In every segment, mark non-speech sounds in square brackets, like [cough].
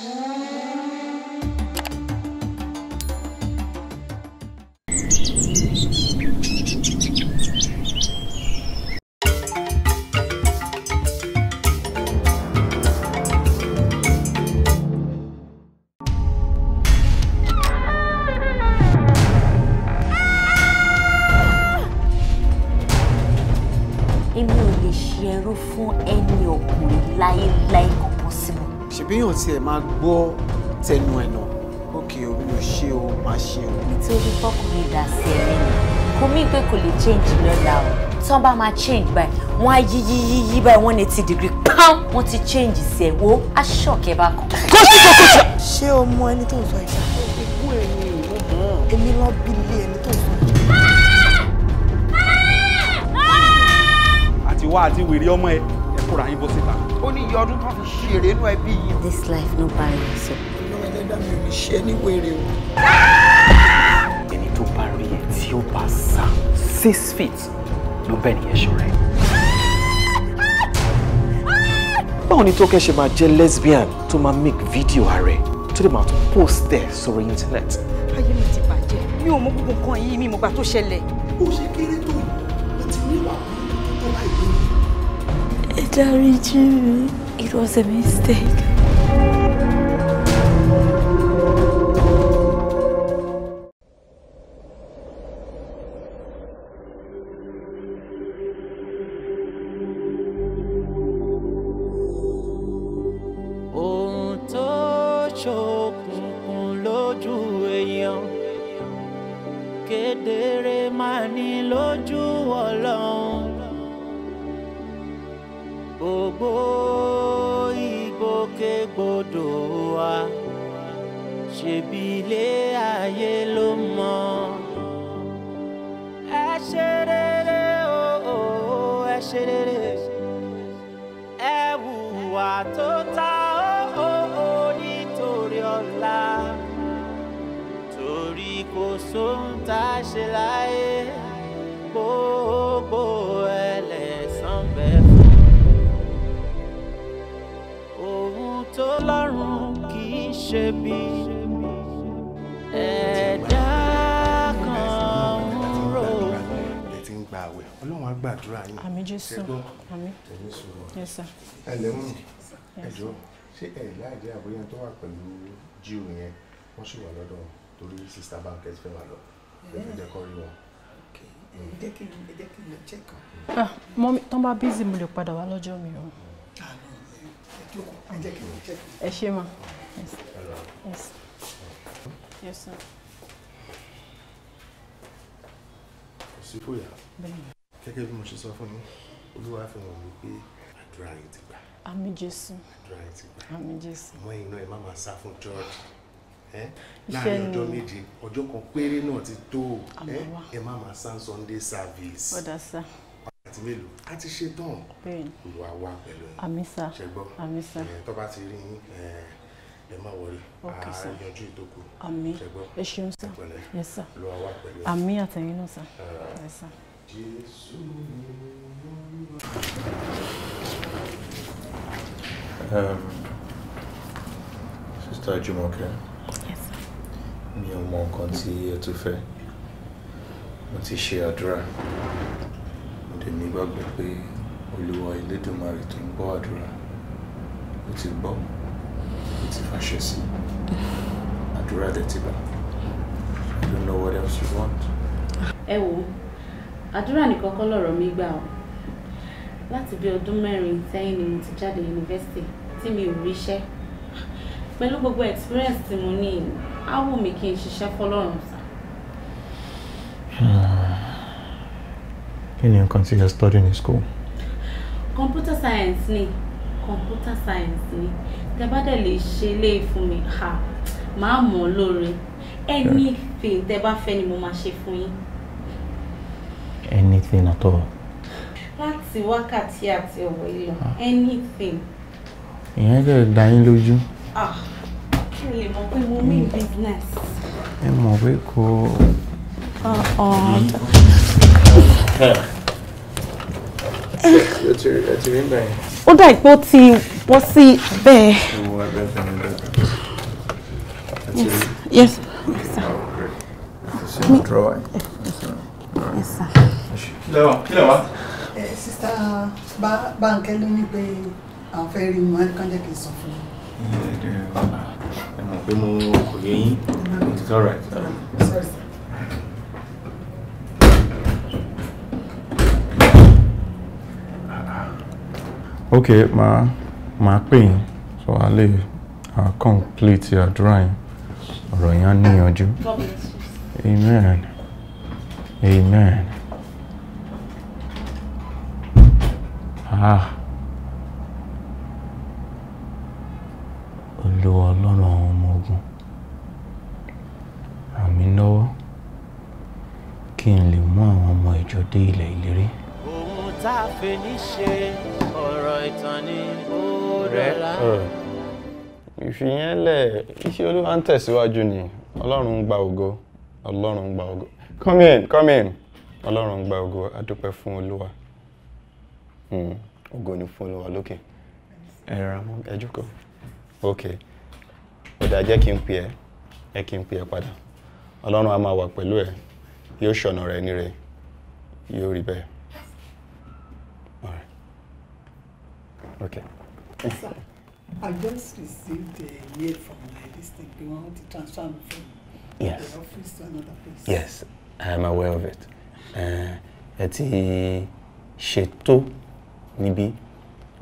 Thank you. tiẹ̀ máa gbọ́ tẹnu ẹ̀ nà òkè omi ò ṣe o máa ṣe o. nítorí fọkùnrin dà sí ẹ̀mí ni kò mí pé kò lè change lọ́la o tí wọ́n bá máa change báyìí wọ́n á yí yí yí yí báyìí wọ́n ní ti degree pam wọ́n ti change sí ẹ̀ wo aṣọ kẹba kan. kó sì kó kó sọ. ṣé o mọ ẹni tó ń sọ ìṣá. ikú ẹni ìwọ mọ. èmi lọ bí ilé ẹni tó ń sọ ìṣá. àtiwá àti wèrè ọmọ ẹ fúnra yín bó síta. ó ní iye ọdún kan fi ṣeré inú ẹbí yìí. this life no buy you so. inú ẹlẹ́dàá mi ò ní ṣe ní wèrè o. ẹni tó bá rí ẹ tí ó bá sá six feet ló bẹ́ẹ̀ nìyẹn ṣọ̀rẹ́. báwo ni tókẹ́ ṣe máa jẹ́ lesbian tó máa make video ààrẹ tó dé máa tún post there sórí íńtánẹ́ẹ̀tì. ayé mi ti bàjẹ́ mi ò mọ gbogbo nǹkan yìí mi mo gbà tó ṣẹlẹ̀. ó ṣe kéré tó Daddy Jimmy, it was a mistake. ńlá torí kò sóhun tá a ṣe láyé gbogbo ẹlẹ́sàn bẹ́ẹ̀ fún ohun tó lọ́rùn kì í ṣe bí ẹ̀dá kan ń rò. ọlọ́run á gbàdúrà yín. àmín jésù àmín ẹ̀mí sùúrù ṣé ẹ̀yà ìdí àbóyá tó wà pẹ̀lú Jew yẹn wọ́n sì wà lọ́dọ̀ torí sista Banket fẹ́ wà lọ lẹ́fẹ̀ẹ́ jẹ́ kọ́ rí wọn. jẹ́ kí n jẹ́ kí n lọ jẹ́ kan. Ah, mọ́mí tán bá bízì mo lè padà wá lọ́jọ́ mi o. Ah, ẹ ṣe ma. Yes. Yes. Yes, sir. kò sí fòyà gẹ́gẹ́ bí mo ṣe sọ fún mi olúwa fi hàn mí pé àdúrà yìí ti àmín jésù àmín jésù. ọmọ iná ẹ má máa sá fún church láàrin ọjọ́ méje ọjọ́ kan péré náà ti tó ẹ má máa sá sunday service. ọ̀dà sá àti mélòó a ti ṣe tán olùwà wa pẹ̀lú ṣẹgbọ́n tó bá ti rí yín ẹ má wọrí àyànjú ìdókòwò ṣẹgbọ́n ẹ ṣeun sá ẹ sá olùwà wa pẹ̀lú àmì àtẹ̀yìn náà sá ẹ sá. Jésù ni mo ń wá. Um, Sister Jumoke. Yes. Mi ò mọ nǹkan tí ẹ tún fẹ́. Mo ti ṣe àdúrà. Mo dẹ̀ nígbàgbọ́ pé Olúwa Elédùmarè tó ń gbọ́ àdúrà. Ó ti gbọ́. Ó ti fàṣẹ sí. Àdúrà dẹ̀ ti bá. know what else you want. Ẹ wo, àdúrà nìkan kọ́ lọ̀rọ̀ mi gbà o. Láti bí ọdún mẹ́rin sẹ́yìn ni mo ti jáde yunifásítì tí mi ò ríṣẹ́ pẹ̀lú gbogbo experience tí mo ní á wù mí kí n ṣiṣẹ́ fọlọ́run sá. kí ni nǹkan tí you're studying in school. computer science ni computer science ni tẹ bá dẹ̀ lè ṣe léè fún mi ha máa mọ̀ ọ́ lóore anything tẹ bá fẹ́ ni mo máa ṣe fún yín. anything at all. láti wákàtí àti ọ̀wọ́ yìí lọ ah. anything ìyẹn dẹ̀ dá yín lójú. Ah, kí n lè mọ̀ pé mo mean business. ẹ mọ̀ pé kò. Uh-uh. ó dà pé ó ti wọ́n sí bẹ́ẹ̀. Yes, yes, sir. Me. Yes, sir. Kí lè wá? Eh, Sista Bánkẹ́ ló ní pé àwọn fẹ́ rí mi kán jẹ́ kí n sọ fún mi. pé mo kò yé yín it's all right. Sorry, sir. ok màá màá pè yín so a lè a complete àdúrà yín ọ̀rọ̀ yẹn á níyanjú amen amen ah. Olúwa Ọlọ́run àwọn ọmọ ogun ràn mí lọ́wọ́ kí n lè mú àwọn ọmọ ìjọ dé ilẹ̀ ìlérí. ohun tá a fi ní ṣe ọ̀rọ̀ ìtàn ni ó rẹ̀ra. ìfìyẹ́lẹ̀ iṣẹ́ Olúwa ń tẹ̀síwájú ni Ọlọ́run ń gba ògo Ọlọ́run ń gba ògo come in come in Ọlọ́run ń gba ògo a dúpẹ́ fún Olúwa hmm, ògo ni fún Olúwa lókè ẹ ra mọ́ okay. ọ̀dà jẹ́ kí n pè ẹ́ ẹ kí n pè ẹ́ padà ọlọ́run á máa wà pẹ̀lú ẹ yóò ṣọ̀nà rẹ ní rẹ yóò rí bẹ́ẹ̀. Okay. sir. I just received a mail from my district. They want to transfer me from yes. the office to another place. Yes, I am aware of it. Eh, ẹ ti ṣètò níbi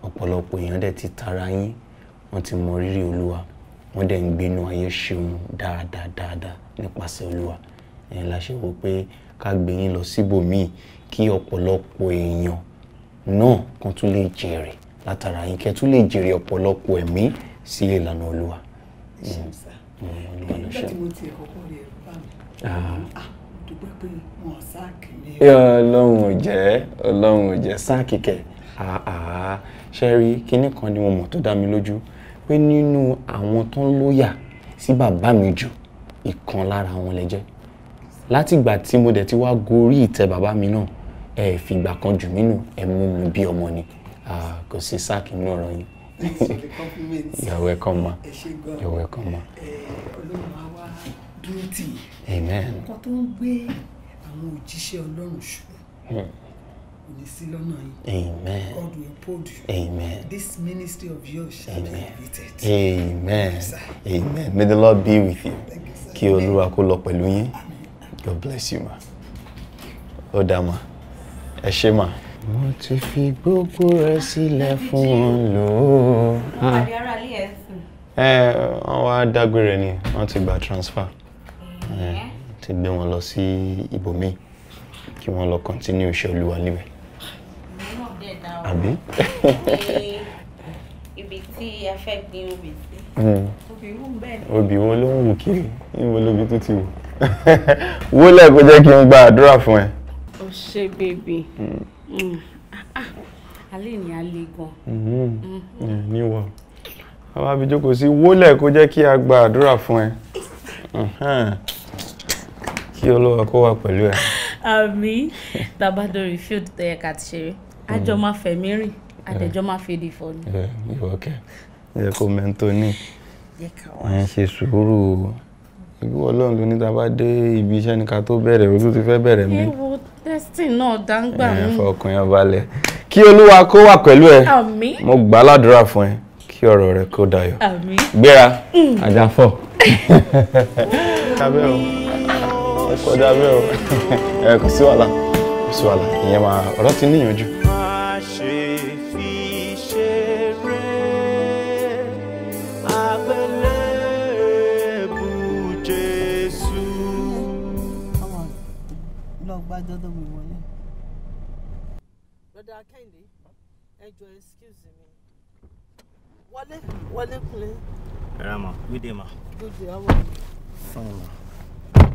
ọ̀pọ̀lọpọ̀ èèyàn dẹ̀ ti tara yín wọ́n ti mọ rírì olúwa. wọ́n dẹ̀ ń gbénu ayé ṣeun dáadáa dáadáa nípasẹ̀ olúwa ẹ̀yìn la ṣe wò pé ká gbé yín lọ síbòmíì kí ọ̀pọ̀lọpọ̀ èèyàn náà kan tún lè jèrè látara yín kẹ́ tún lè jèrè ọ̀pọ̀lọpọ̀ ẹ̀mí sí ìlànà olúwa. Mm. Mm, ah. Ah, ọlọ́run ò jẹ́ ọlọ́run ò jẹ́ sáà kíkẹ́ ah, ṣe rí kinní kan ni mo mọ̀ tó dá mi lójú pé nínú àwọn tó ń lóyà sí bàbá mi jù ìkan lára wọn lẹ jẹ́ látìgbà tí mo dẹ̀ ti wá gorí ìtẹ́ bàbá mi náà ẹ fìgbà kan jù mí nù ẹ mú mi bí ọmọ ni kò sí sáàkì nínú ọ̀rọ̀ yín. thanks for [laughs] you're welcome ma you're welcome ma. ọlọ́run á wá dúró tì í. amen. tó ń gbé àwọn òjíṣẹ́ ọlọ́run ṣùgbọ́n amen. God will uphold you. amen. this ministry of yours shall amen. be elevated. amen. amen. amen. may the Lord be with you. kí olúwa kó lọ pẹ̀lú yín. God bless you ma. Odama, dá ma. ẹ ṣé ma. mo ti fi gbogbo rẹ sílẹ̀ fún wọn lò ó. àbí ẹ̀ sùn. ẹ wọn wá dágbére ni wọn ti gba transfer. ti gbé wọn lọ sí ibòmíì kí wọ́n lọ continue iṣẹ́ olúwa níbẹ̀ àbí. ní ibi tí a fẹ́ gbin obì sí. Hmm. obì wù bẹ́ẹ̀ ni. obì wo ló ń wù kiri níbo lóbi tó ti wù. [laughs] wólẹ̀ kó jẹ́ kí n gba àdúrà fún ẹ. o ṣe bèbè hmm. hmm. ah, ah. alẹ́ ni a le gan. níwọ̀ bàbá mi jókòó sí wólẹ̀ kó jẹ́ kí a gba àdúrà fún ẹ kí Olúwa kó wà pẹ̀lú ẹ. àmín tàbá dórí fíìdì tó ti ṣeré àjọ mm. máa fẹ̀mí rìn àdẹ̀jọ́ eh. máa fèdè di ni. ìwọ eh, kẹ ẹ kó mẹ́ńtò ní ẹ ṣe sùúrù ìwọ ọlọ́run ló ní tá a bá dé ibi iṣẹ́ ni ká tó bẹ̀rẹ̀ ojú ti fẹ́ bẹ̀rẹ̀ mi. ewu testing náà dáńgbà eh, mi. ẹ fọkàn yẹn balẹ̀ kí olúwa kó wà pẹ̀lú ẹ mo gbà ládùúrà fún ẹ kí ọ̀rọ̀ rẹ kó dayọ̀ gbéra mm. ajá fọ̀. [laughs] kábẹ́ o ẹ kọjá bẹ́ẹ̀ o ẹ kò sí wàhálà kò sí wàhálà ìyẹn máa ọ̀rọ̀ ti níyànjú. Mr. Kẹ́hìndé ẹ jọ̀ọ́ excuse me wọlé wọlé kúnlẹ̀. ẹ ra ma good day ma. good day how are you. ma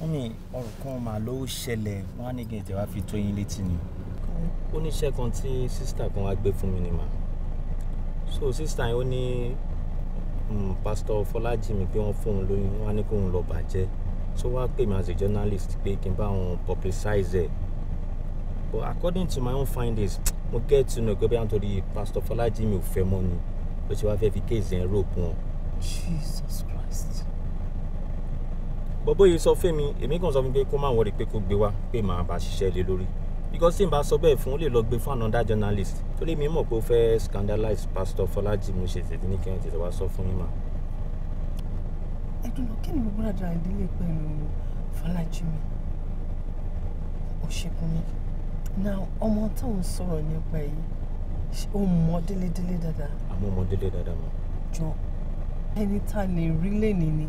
wọ́n ní ọ̀rọ̀ kan máa ló ṣẹlẹ̀ wọ́n á ní kí n tẹ̀wá fi tó yín létí ni. ó ní iṣẹ́ kan tí sísítà kan wá gbé fún mi ni mà so sísítà yẹn ó ní hmm, pásítọ̀ Fọlájìmí pé wọ́n fún un lóyún wọ́n á ní kóun lọ bàjẹ́ so wá pè mí as a journalist pé kí n bá wọn publicize ẹ̀ but according to my own findings [tsk] mo get to know pé bí wọ́n pastor fọlájí mi ò fẹ́ mọ́ ni ó ti wá fẹ́ fi kéèzì yẹn rope wọn. jesus christ. bọ́bọ́ yìí sọ fún mi èmi kàn sọ fún mi pé kó má wọrí pé kó gbé wá pé màá bá ṣiṣẹ́ lé lórí because tí n bá sọ bẹ́ẹ̀ fún ó lè lọ gbé fún another journalist tó lè mi mọ̀ pé ó fẹ́ scandalize pastor fọlájí mo ṣe tètè ní kẹ́hìn tètè wá sọ fún yín mà. ẹ̀dùn kí ni gbogbo àdúrà ìdílé pẹ̀lú fọlájí mi òṣèkùn now ọmọ tó ń sọ̀rọ̀ nípa yìí ó mọ délédélé dada, àmọ́ mọ délé dáadáa mọ́. jọ ẹni tá a lè rí lẹ́ni ni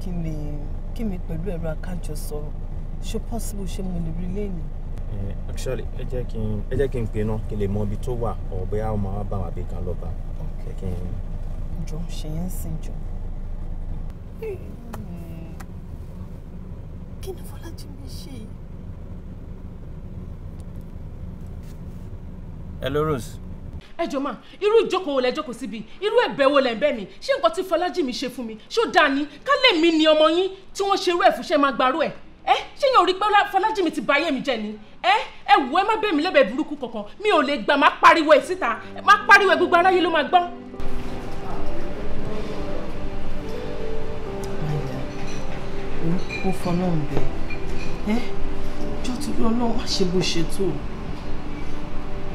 kí ni kí mi pẹ̀lú ẹ̀rọ akájọ sọ̀rọ̀ ṣé possible ṣé mo lè rí lẹ́ni. actually ẹ jẹ́ kí n ẹ jẹ́ kí n pè náà kí n lè mọ ibi tó wà ọ̀bẹ́ àwọn máa bá wa bí kan lọ bá kí n. jọ ṣe yẹn sìn jọ. Hmm. kí ni fọ́ hello Rose. ẹ jọ máa irú ìjókòó wo lẹ jókòó síbi irú ẹ̀bẹ̀ wo lẹ ń bẹ̀ mí ṣé nǹkan tí Fọlájì mi ṣe fún mi ṣó dáa ni ká lè mí ni ọmọ yín tí wọ́n ṣerú ẹ̀ fúnṣẹ́ máa gbarú ẹ̀ ẹ ṣé yẹn ò rí pé Fọlájì mi ti bà ayé mi jẹ́ ni ẹ ẹ wò ẹ má bẹ̀ mí lẹ́bẹ̀ẹ́ burúkú kankan mi ò lè gbà má pariwo ẹ̀ síta má pariwo ẹ̀ gbogbo aráyé ló máa gbọ́. ó fọlọ́run bẹ́ẹ̀ ẹ́ jọ́ torí ọlọ́run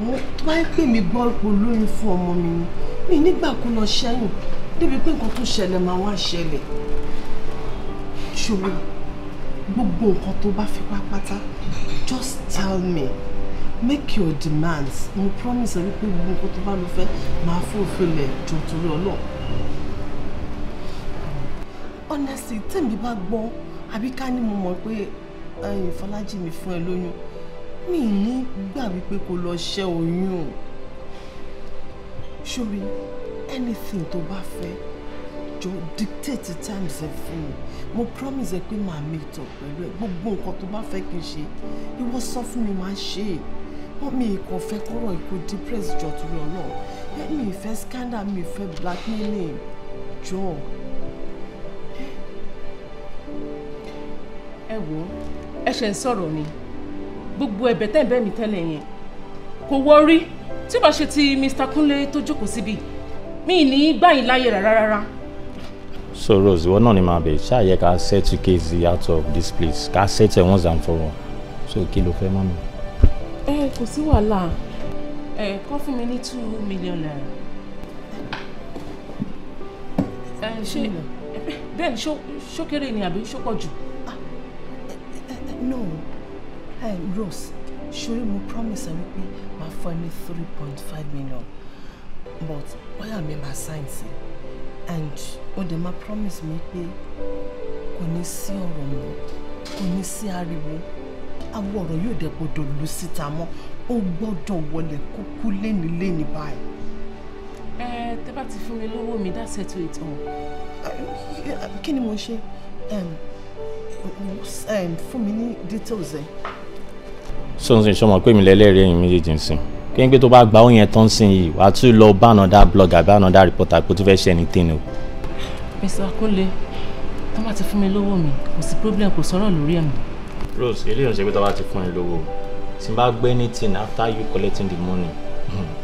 àmọ́ tó bá ń pè mí gbọ́ ipò lóyún fún ọmọ mi ni mi nígbà kó lọ ṣẹ́yìn débi pé nǹkan tó ṣẹlẹ̀ máa wá ṣẹlẹ̀ ṣòro gbogbo nǹkan tó bá fi pápátá just tell me make your demands mo promise ẹ wípé gbogbo nǹkan tó bá lọ fẹ́ máa fòfilẹ̀ jọ torí ọlọ́ọ̀ honestly tèmi bá gbọ́ àbí ká ní mo mọ̀ pé Fọlájì mi fún ẹ lóyún mi ní gbà wípé kó lọ ṣẹ́ oyún sórí anything tó bá fẹ́ jọ dictate times ẹ fún mi mo promise ẹ pé màá meet up pẹ̀lú ẹ gbogbo nǹkan tó bá fẹ́ kí n ṣe ìwọ sọ fún mi màá ṣe é wọ́n mi kàn fẹ́ kọ́rọ̀ ikú depress jọ torí ọlọ́run ẹ mi fẹ́ scandal mi fẹ́ blackmailing jọ. ẹ wo ẹ ṣe ń sọ̀rọ̀ ni gbogbo ẹ̀bẹ̀ tẹ́ ń bẹ̀ mí tẹ́lẹ̀ yẹn kò wọrí tí bá ṣe ti Mr. Kúnlé tó jókòó síbi mi ní gbàyìn láyè rárá rárá. so Rose ìwọ náà ni màá bẹ̀ ṣáàyẹ ká settle case out of this place ká settle once and for all so kí ló fẹ́ mọ́ mi. ẹ kò sí wàhálà ẹ kọ́ fún mi ní two million naira. ẹ ṣe bẹ́ẹ̀ ni ṣó kéré ni àbí ṣó ah, no Hey, Rose, ṣorí mo promise ẹ wípé máa fún ẹ ní million but why mi máa sign sí and ó they máa promise mi pé kò your sí When mọ́ kò ní sí ariwo àwọn ọ̀rọ̀ yóò dẹ̀ gbọ́dọ̀ lu síta mọ́ ó gbọ́dọ̀ wọlé kúkú léni léni báyìí. the tẹ bá ti fún mi lówó mi to ṣètò ìtàn. kí ni mo ṣe And for many details Eh? sọ́nsìn sọ́mọ pé mi lẹ́lẹ́rìí ẹ̀yìn méjèèjì ń sìn kí n pé tó bá gba oyin tán sí yìí wàá tún lọ bá another blogger bá another reporter kó tún fẹ́ ṣe anything o. Mr. Akunle tó bá ti fún mi lówó mi kò sí problem kò sọ̀rọ̀ lórí ẹ̀ mi. Rose eléyìí ń ṣe pé tó bá ti fún ẹ lówó tí n bá gbé anything after you collecting the money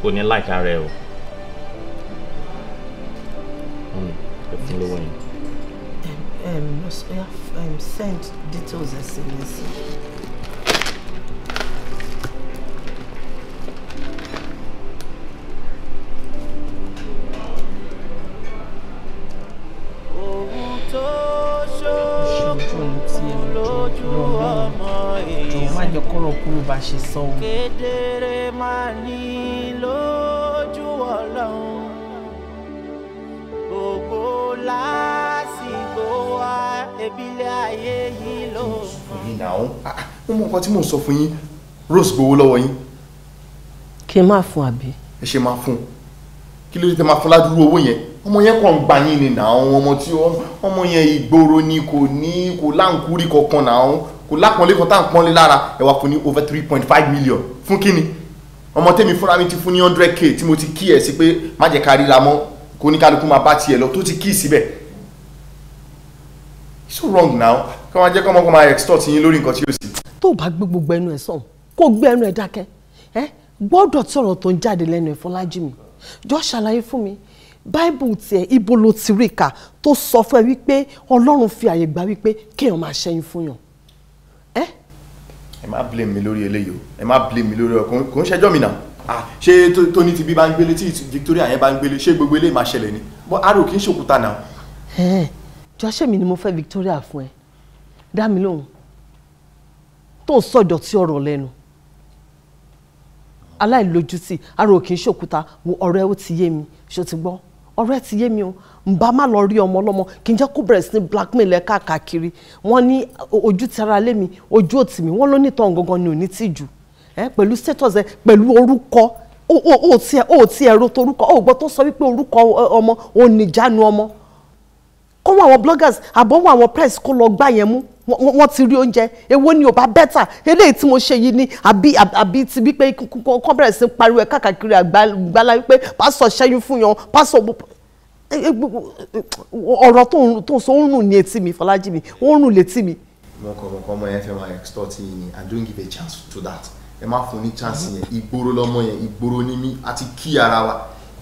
kò ní láìka rẹ o. ẹ fún lówó yẹn. send details ẹ sí mi sí. ṣe sọ o. kedere máa ní lójú ọlọ́run gbogbo lásìkò wa ebílẹ̀ ayé yìí ló. Ah, ah, mo mọ nǹkan tí mò ń sọ fún yín Rose gbowó lọ́wọ́ yín. kí n máa fún àbí. ẹ ṣe máa fún un kí ló dé tẹ máa fún ládùúgbò owó yẹn ọmọ yẹn kàn ń gbà yín ni nà ọmọ tí ọmọ yẹn ìgboro ni kò ní kò láǹkúrí kankan nà án kò lápọ̀nlé kan tá à ń pọ́nlé lára ẹ fún ní over three point five million fún kíni ọmọ tẹ́mi fúnra mi ti fún ní hundred k tí mo ti kí ẹ̀ sí pé má jẹ́ ká ríra mọ́ kó ní kálukú máa bá tiẹ̀ lọ tó ti kí síbẹ̀ it's so wrong now kí wọ́n jẹ́ kọ́ ọmọkùnrin máa extort yín lórí nǹkan tí yóò sì. tó o bá gbé gbogbo ẹnu ẹ sọ̀hún kó o gbé ẹnu ẹ dákẹ́ ẹ gbọ́dọ̀ tí ọ̀rọ̀ tó ń jáde lẹ́nu ẹ fọlájì mi jọ ṣàlàyé fún mi báìbù tiẹ̀ ibo lo ti rí kà tó sọ fún ẹ wípé ọlọ́run fi àyè gbà wípé kéèyàn máa ṣẹ́yìn fún yàn ẹ má blame mi lórí eléyìí o ẹ má blame mi lórí ọkùnrin kò ń ṣẹjọ́ mi náà ah ṣé tóní tibí bá ń gbélé tí Victoria yẹn bá ń gbélé ṣé gbogbo eléyìí máa ṣẹlẹ̀ ni bọ́ arò kì í ṣòkúta náà. ẹ jọ mi ni mo fẹ́ Victoria fún ẹ dá mi lóhùn tó ń sọ ìdọ̀tí ọ̀rọ̀ lẹ́nu aláìlójútì arò kì í ṣòkúta wo ọ̀rẹ́ ó ti yé mi ṣó ti gbọ́ ọ̀rẹ́ ti yé mi o mba bá má lọ rí ọmọ ọlọ́mọ kì í jẹ́ kó bẹ̀rẹ̀ sí ní blackmail ẹ̀ káàkiri wọ́n ní ojú tara lé mi ojú òtì mi wọ́n ló ní tọ̀hún gangan ni ò ní tìjú pẹ̀lú status ẹ pẹ̀lú orúkọ o ti ẹ o ti ẹ ro torúkọ o gbọ́ tó sọ wípé orúkọ ọmọ ò ní jánu ọmọ kó wọn àwọn bloggers àbọ̀wọ̀ àwọn press kó lọ gbá yẹn mú wọ́n ti rí oúnjẹ èwo ni ò bá bẹ́tà eléyìí tí mo ṣe yìí ni àbí àbí ti wípé kọ́ bẹ̀rẹ̀ sí pariwo ẹ̀ káàkiri àgbàlá wípé pásọ̀ ṣẹ́yún fún yan pásọ̀ ọ̀rọ̀ tó ń sọ ó ń rùn ní etí mi Fọlájí mi ó ń rùn létí mi. wọn kọ ọkọ ọmọ yẹn fẹ́ máa extort yìí ni I don't give a chance to that ẹ má fún ní chance yẹn ìgboro lọmọ yẹn ìgboro ni mí àti kí ara wa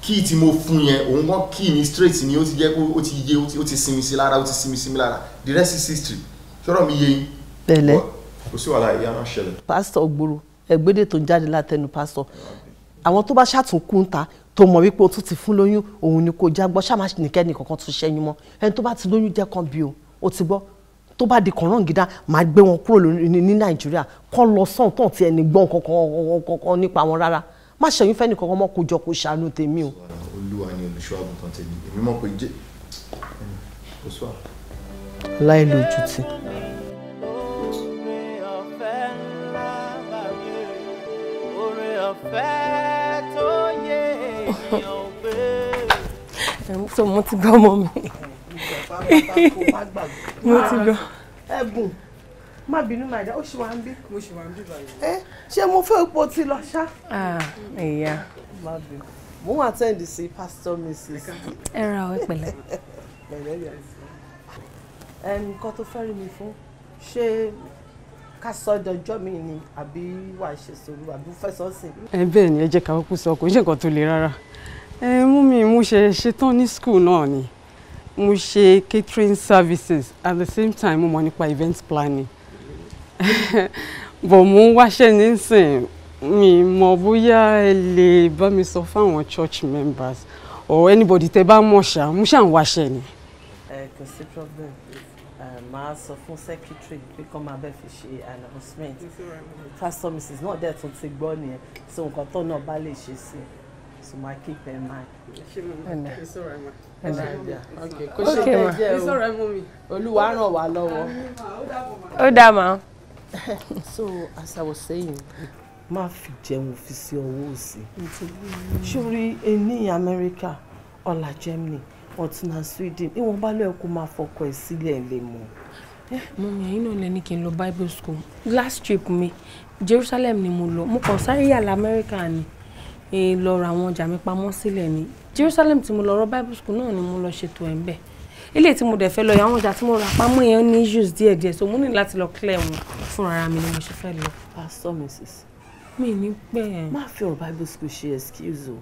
kí tí mo fún yẹn òun kàn kí ni straight ni ó ti jẹ́ kó ó ti yé ó ti sinmi sí lára ó ti sinmi sí mi lára the rest is history ṣọ́rọ̀ mi yé yín. bẹ́ẹ̀lẹ́ kò sí wàhálà ìyá náà ṣẹlẹ̀. pásítọ̀ gbòòrò ẹ̀gbẹ́dẹ̀ tó ń jáde látẹnu pásítọ̀ àwọn tó bá ṣàtúnkù ń ta tó mọ̀ wípé o tún ti fún lóyún òun ni kò jágbọ́ ṣáà máa nìkẹ́ni kankan tún ṣẹ́yìn mọ́ ẹni tó bá ti lóyún jẹ́ kan bí o o ti gbọ́ tó bá di kànrán gidá máa gbé wọn kúrò ní nàìjíríà kọ́ lọ sàn tán tí ẹni gbọ́n kankan nípa wọn rárá má ṣẹ́yìn fẹ́ni kankan mọ́ kó jọ kó ṣàánú tèmi o. olúwa ni olùṣọ́ àgùntàn tèmi èmi mọ̀ pé jẹ́ kò sọ. láìlójútì. oore ọ̀fẹ́ ńlá bàbá oore ọ̀fẹ́. [laughs] so mo ti gbọ́ ọmọ mi [laughs] mo ti gbọ́. ẹ̀bùn má bínú máa dá ó ṣì wá ń bí. mo ṣì wá ń bí báyìí. ṣé mo fẹ́ ipò tí lọ ṣá. ẹ̀yà. má bínú mo ń attend sí pastor mrs. ẹ ra ọ pẹ̀lẹ́. pẹ̀lẹ́ yẹn. tó fẹ́ rí mi fún ṣé ká sọ dọjọ́ mi ni àbí wàá ṣe sòrò àbí fẹsọ̀ sìn. ẹ bẹ́ẹ̀ ni ẹ jẹ́ ká kúkú sọ kò ń ṣe nǹkan tó le rárá ẹ mú mi mo ṣe ṣetán ní school náà ni mo ṣe catering services at the same time mo mọ̀ nípa event planning [laughs] bọ̀ mo ń wáṣẹ́ nísìn mi mọ̀ bóyá ẹ lè bá mi sọ fáwọn church members or anybody tẹ bá mọ̀ ṣá mo ṣàn ni. ẹ kò sí problem máa sọ fún secretary pé kọ́ máa bẹ́ẹ̀ fi ṣe announcement pastor mrs náà dẹ̀ tún ti gbọ́ nìyẹn so nǹkan tó náà bá lè ṣe sí so máa keep in mind. kò ṣe bẹ́ẹ̀ jẹ́ o olúwa ràn wá lọ́wọ́. ó dà mà. [laughs] so as i was saying má fi jẹun fi sí ọwọ́ òsì sórí ẹni amẹ́ríkà ọ̀la germany ọ̀tún na Sweden ìwọ̀n bá lọ́ọ́ kó máa fọkọ ẹ̀ sílẹ̀ lè mọ̀. mo yàn yín náà lẹ́ni kí n lọ Bible school last trip mi Jerusalem ni mo lọ mo kàn sáré yà lamẹ́ríkà ni lọ ra àwọn ọjà mi pamọ́ sílẹ̀ ni Jerusalem tí mo lọ rọ Bible school náà ni mo lọ ṣètò ẹ̀ ń bẹ̀ ilé tí mo dẹ̀ fẹ́ lọ yà àwọn ọjà tí mo rà pamọ́ yẹn ní issues díẹ̀díẹ̀ so mo ní láti lọ clear wọn fúnra mi ni mo ṣe fẹ́ lọ. pastor mrs mi ní pẹ́. má fi ọ̀rọ̀ bible school ṣe excuse o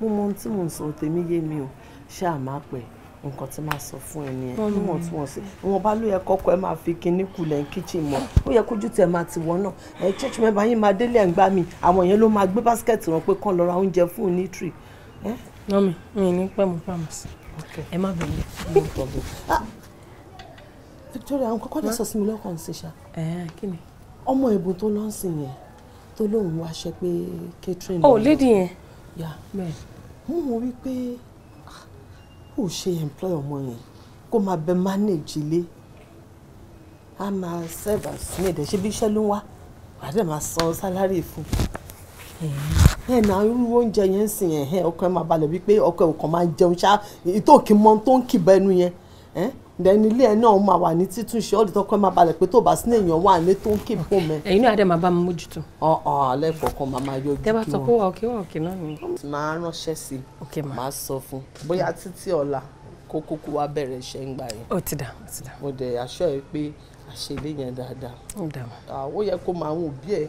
mo mọ ohun tí mo ń sọ tèmi yé mi o ṣáà má pẹ́ nǹkan tí máa sọ fún ẹ ni ẹ níwọ̀ntúnwọ̀nsì wọn bá ló yẹ kọ́kọ́ ẹ máa fi kinní kulẹ̀ kíchìn mọ́ ó yẹ kójú tẹ̀ máa ti wọ́n náà ẹ church member yín máa délé ẹ̀ ń gbá mi àwọn yẹn ló máa gbé báskẹ̀tì rán pé kán lọ oúnjẹ fún un ní tree. nọ́ọ̀mì mi ní pẹ̀mú pàmò sí ẹ má bẹ̀rẹ̀ ah! Victoria nǹkan kọ́ dé sọ sí mi lọ́kàn ń ṣe ṣá ọmọ ìbò tó lọ́ sìn yẹn tó lóun wáṣẹ ò ṣe employ ọmọ yẹn kó máa bẹ manage ilé a máa serve as maid ṣe bí iṣẹ́ ló ń wá wàá dẹ̀ máa san sálárì fún ẹ náà irú oúnjẹ yẹn ń sìn ẹ̀ ọkọ ẹ máa balẹ̀ wípé ọkọ ẹ ò kàn máa jẹun ṣá ìtòkì tó ń kì bẹ́ẹ̀ nu yẹn then ilé ẹ náà máa wà ní títúnṣe ọ̀dọ̀ tó kọ́ ẹ máa balẹ̀ pé tó bá sí èèyàn wà ní tó ń kí bò mẹ́. ẹ̀yin náà adé máa bá mi mójútó. ọ̀hún alẹ́ kọ̀ọ̀kan máa máa yọjú kí wọn. tẹ́bà sọ pé wà òkè wà òkè náà ni. máa ránṣẹ́ sí i máa sọ fún un bóyá títí ọ̀la kó kúkú wá bẹ̀rẹ̀ iṣẹ́ ń gbà yẹn. ó ti dà ó ti dà. mo dẹ̀ aṣọ ẹ pé àṣẹ ilé yẹn dáadáa. ó yẹ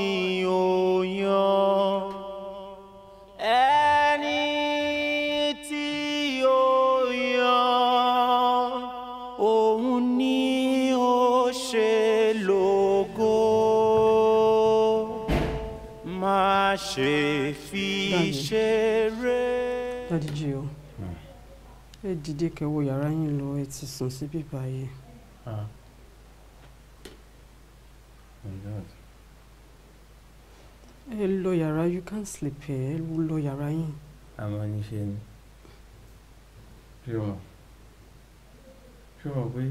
ṣeré. dádìjì o ẹ dìde hmm. kẹwo yàrá yín lọ ẹ ti sùn síbí báyìí. Ah. ẹ lọ yàrá you can sleep ẹ lọ yàrá yín. àmọ́ níṣẹ́ ni ṣé o mọ̀ ṣé o mọ̀ pé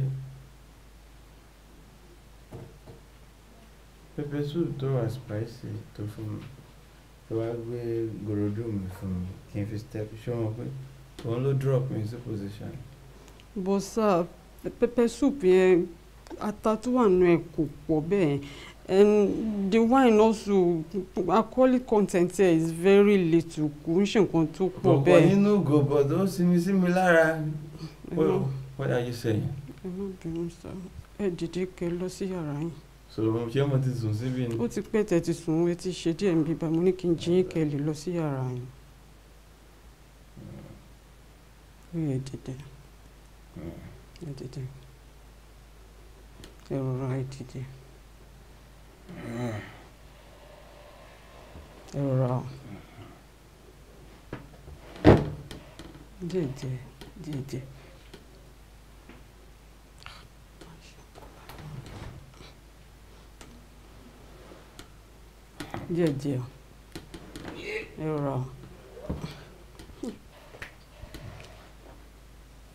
pepper soup tó wà spicy tó fún mi tó wá gbé gòròdùmù fún mi kí n fi step ṣé wọn pé òun ló drop me into position. bó sá pepper soup yẹn ata tó wà nù ẹ kò pọ̀ bẹ́ẹ̀ and the wine also alcoholic content here is very little kò ń ṣe nǹkan tó pọ̀ bẹ́ẹ̀. ọ̀pọ̀ nínú gòbọ̀ tó sinmi sí mi lára what are you saying. ẹ má bínú sá ẹ dìde kẹ́ lọ sí yàrá sọ̀rọ̀ ṣé mo ti sùn síbí ni. ó ti pẹ́ tẹ́ ti sùn ó ti ṣe díẹ̀ níbi ìbámu ní kí n jí kẹ́ lọ sí yàrá yẹn. ó yẹ dìde ẹ dìde ẹ rọra ẹ dìde ẹ rọra ọ dìde dìde. jẹ́jẹ́ o ìrọ̀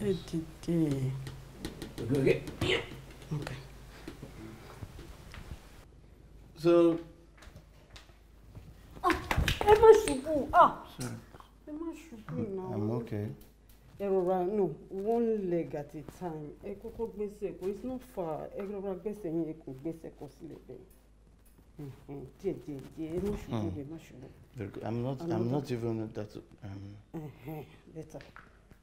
ètìtì. Okay. So. Ah, ẹ má ṣubú ah, ẹ má ṣubú náà. I'm okay. Ẹ no one leg at a time ẹ kọ́kọ́ gbẹ́sẹ̀ kò it's not far ẹ rọra gbẹ́sẹ̀ yín ẹ kò gbẹ́sẹ̀ kọ sílẹ̀ bẹ́ẹ̀ díẹ̀ good i'm not i'm not even that. Um, uh-huh, better.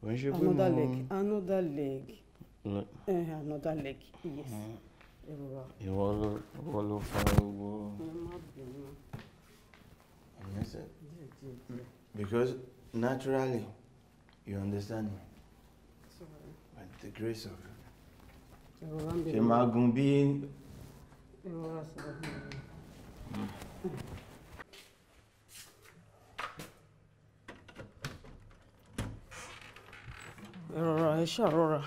kò another leg another leg. Uh-huh. another leg yes. Mm-hmm. ìwọ ló you ló fa owó. yes sir. because naturally you understand me. by the grace of. ṣe ẹ rọra ẹ ṣàrọra.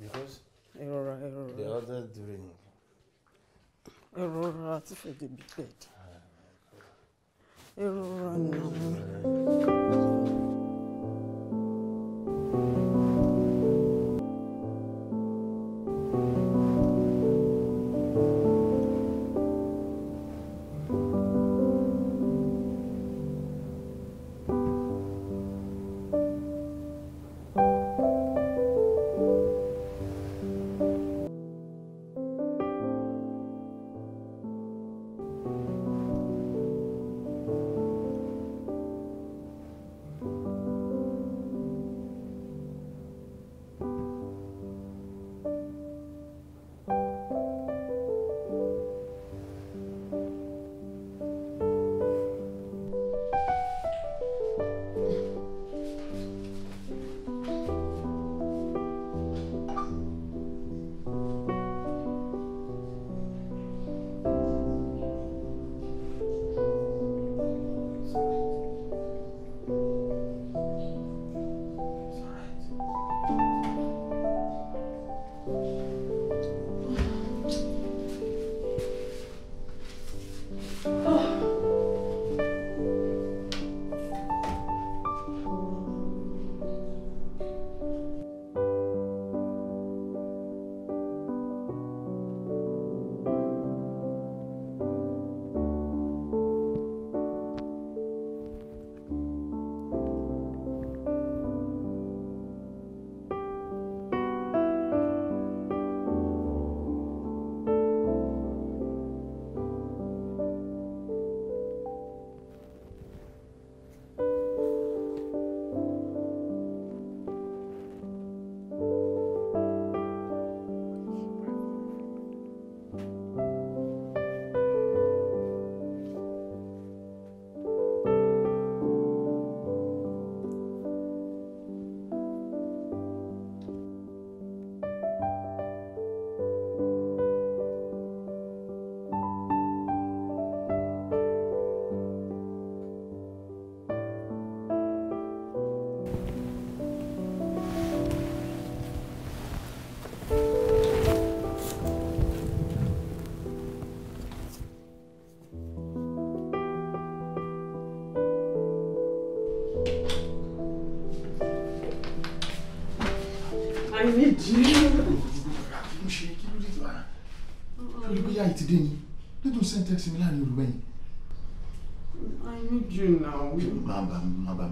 because ẹ rọra the other drink. ẹ rọra ti fẹ́ débi bẹ́ẹ̀ ẹ rọra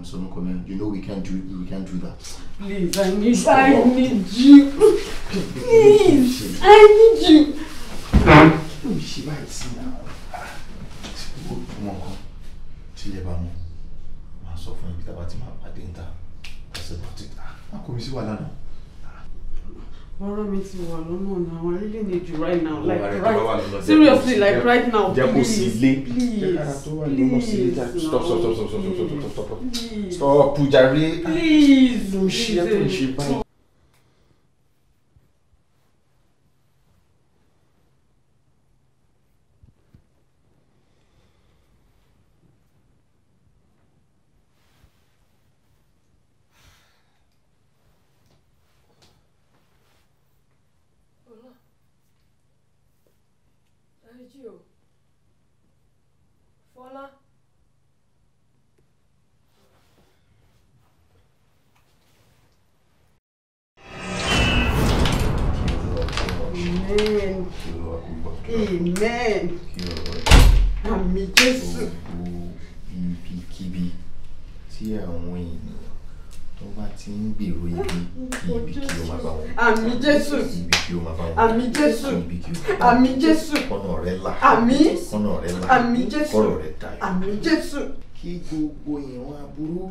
um, Sonokome, you know we can't do we can't do that. Please, I need, I need you. Please, I need you. something like right now please please ah, please please, please, stop stop stop stop stop stop stop stop stop jàre. Ah, please please please Ami àmì Ami àmì Ami ọ̀nà Ami là Ami ọ̀nà rẹ là àmì jésù ọ̀rọ̀ rẹ dayọ̀ àmì jésù. kí gbogbo ìran aburú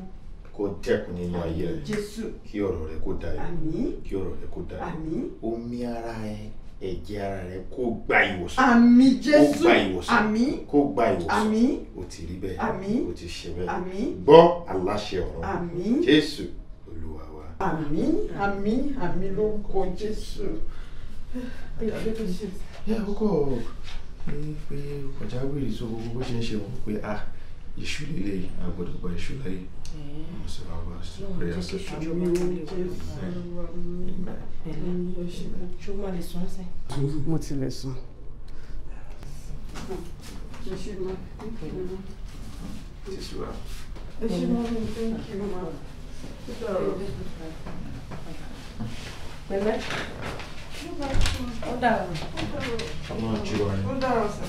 kó dẹ́kun nínú ayé rẹ jésù kí ọ̀rọ̀ rẹ kó dayọ̀ Ami kí ọ̀rọ̀ rẹ kó dayọ̀ Ami omi ara ẹ ẹ̀jẹ̀ ara rẹ kó gba ìwòsàn. Ami jésù kó gba ìwòsàn. àmì kó gba ìwòsàn. àmì o ti rí bẹ́ẹ̀. Ami o ti ṣe bẹ́ẹ̀. àmì gbọ́ aláṣẹ ọ̀run. àmì jésù àmín àmín àmín lórúkọ jésù. ẹ ọkọ ní pé ọjà wèrè so gbogbo bó ṣe ń ṣe wọn pé a iṣu líle àgbọ́dọ̀ gba iṣu láyé mo sì wá wá sí prayer session. mo ti lè sùn. Thank you, ma'am. Pẹ̀lẹ́. Ó dàrọ̀. Ọlọ́run jí wa ni. Ó dàrọ̀ sà.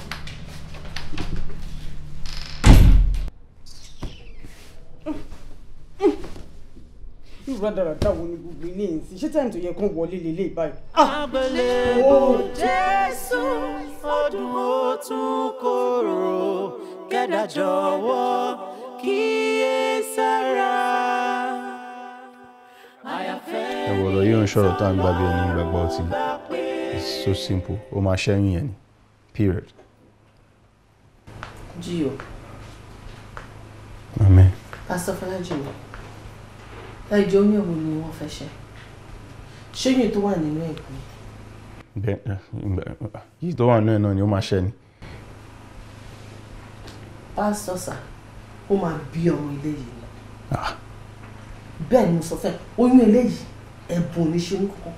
Irú àdàrà dáwọ́ ni gbogbo ilé yìí sí. Ṣé táìmù yẹ kán wọlé lélẹ̀ báyìí? Àgbélébùú Jésù, ọdún ó tún kóró, kẹ́dà jọ̀wọ́ kíyèsára ẹ̀wọ̀ ọ̀rọ̀ yìí ń ṣọ̀rọ̀ tó à ń gbàgbé ẹni gbàgbọ́ ọtí it's so simple ó máa ṣẹ́yìn yẹn ni period. Jíyọ̀. Mami. Pásítọ̀ Fọlájì wọ̀, ẹjọ́ omi òun ni wọ́n fẹ́ ṣe. Ṣéyìn tó wà nínú ẹ̀gbọ́n. Bẹ́ẹ̀ yìí tó wà nínú ẹ̀ náà ni ó máa ṣẹ ni. Pásítọ̀ sà, ó máa bí ọmọ ilé yìí bẹ́ẹ̀ ni mo sọ fẹ́ oyún eléyìí ẹ̀bùn oníṣẹ́ oyún kankan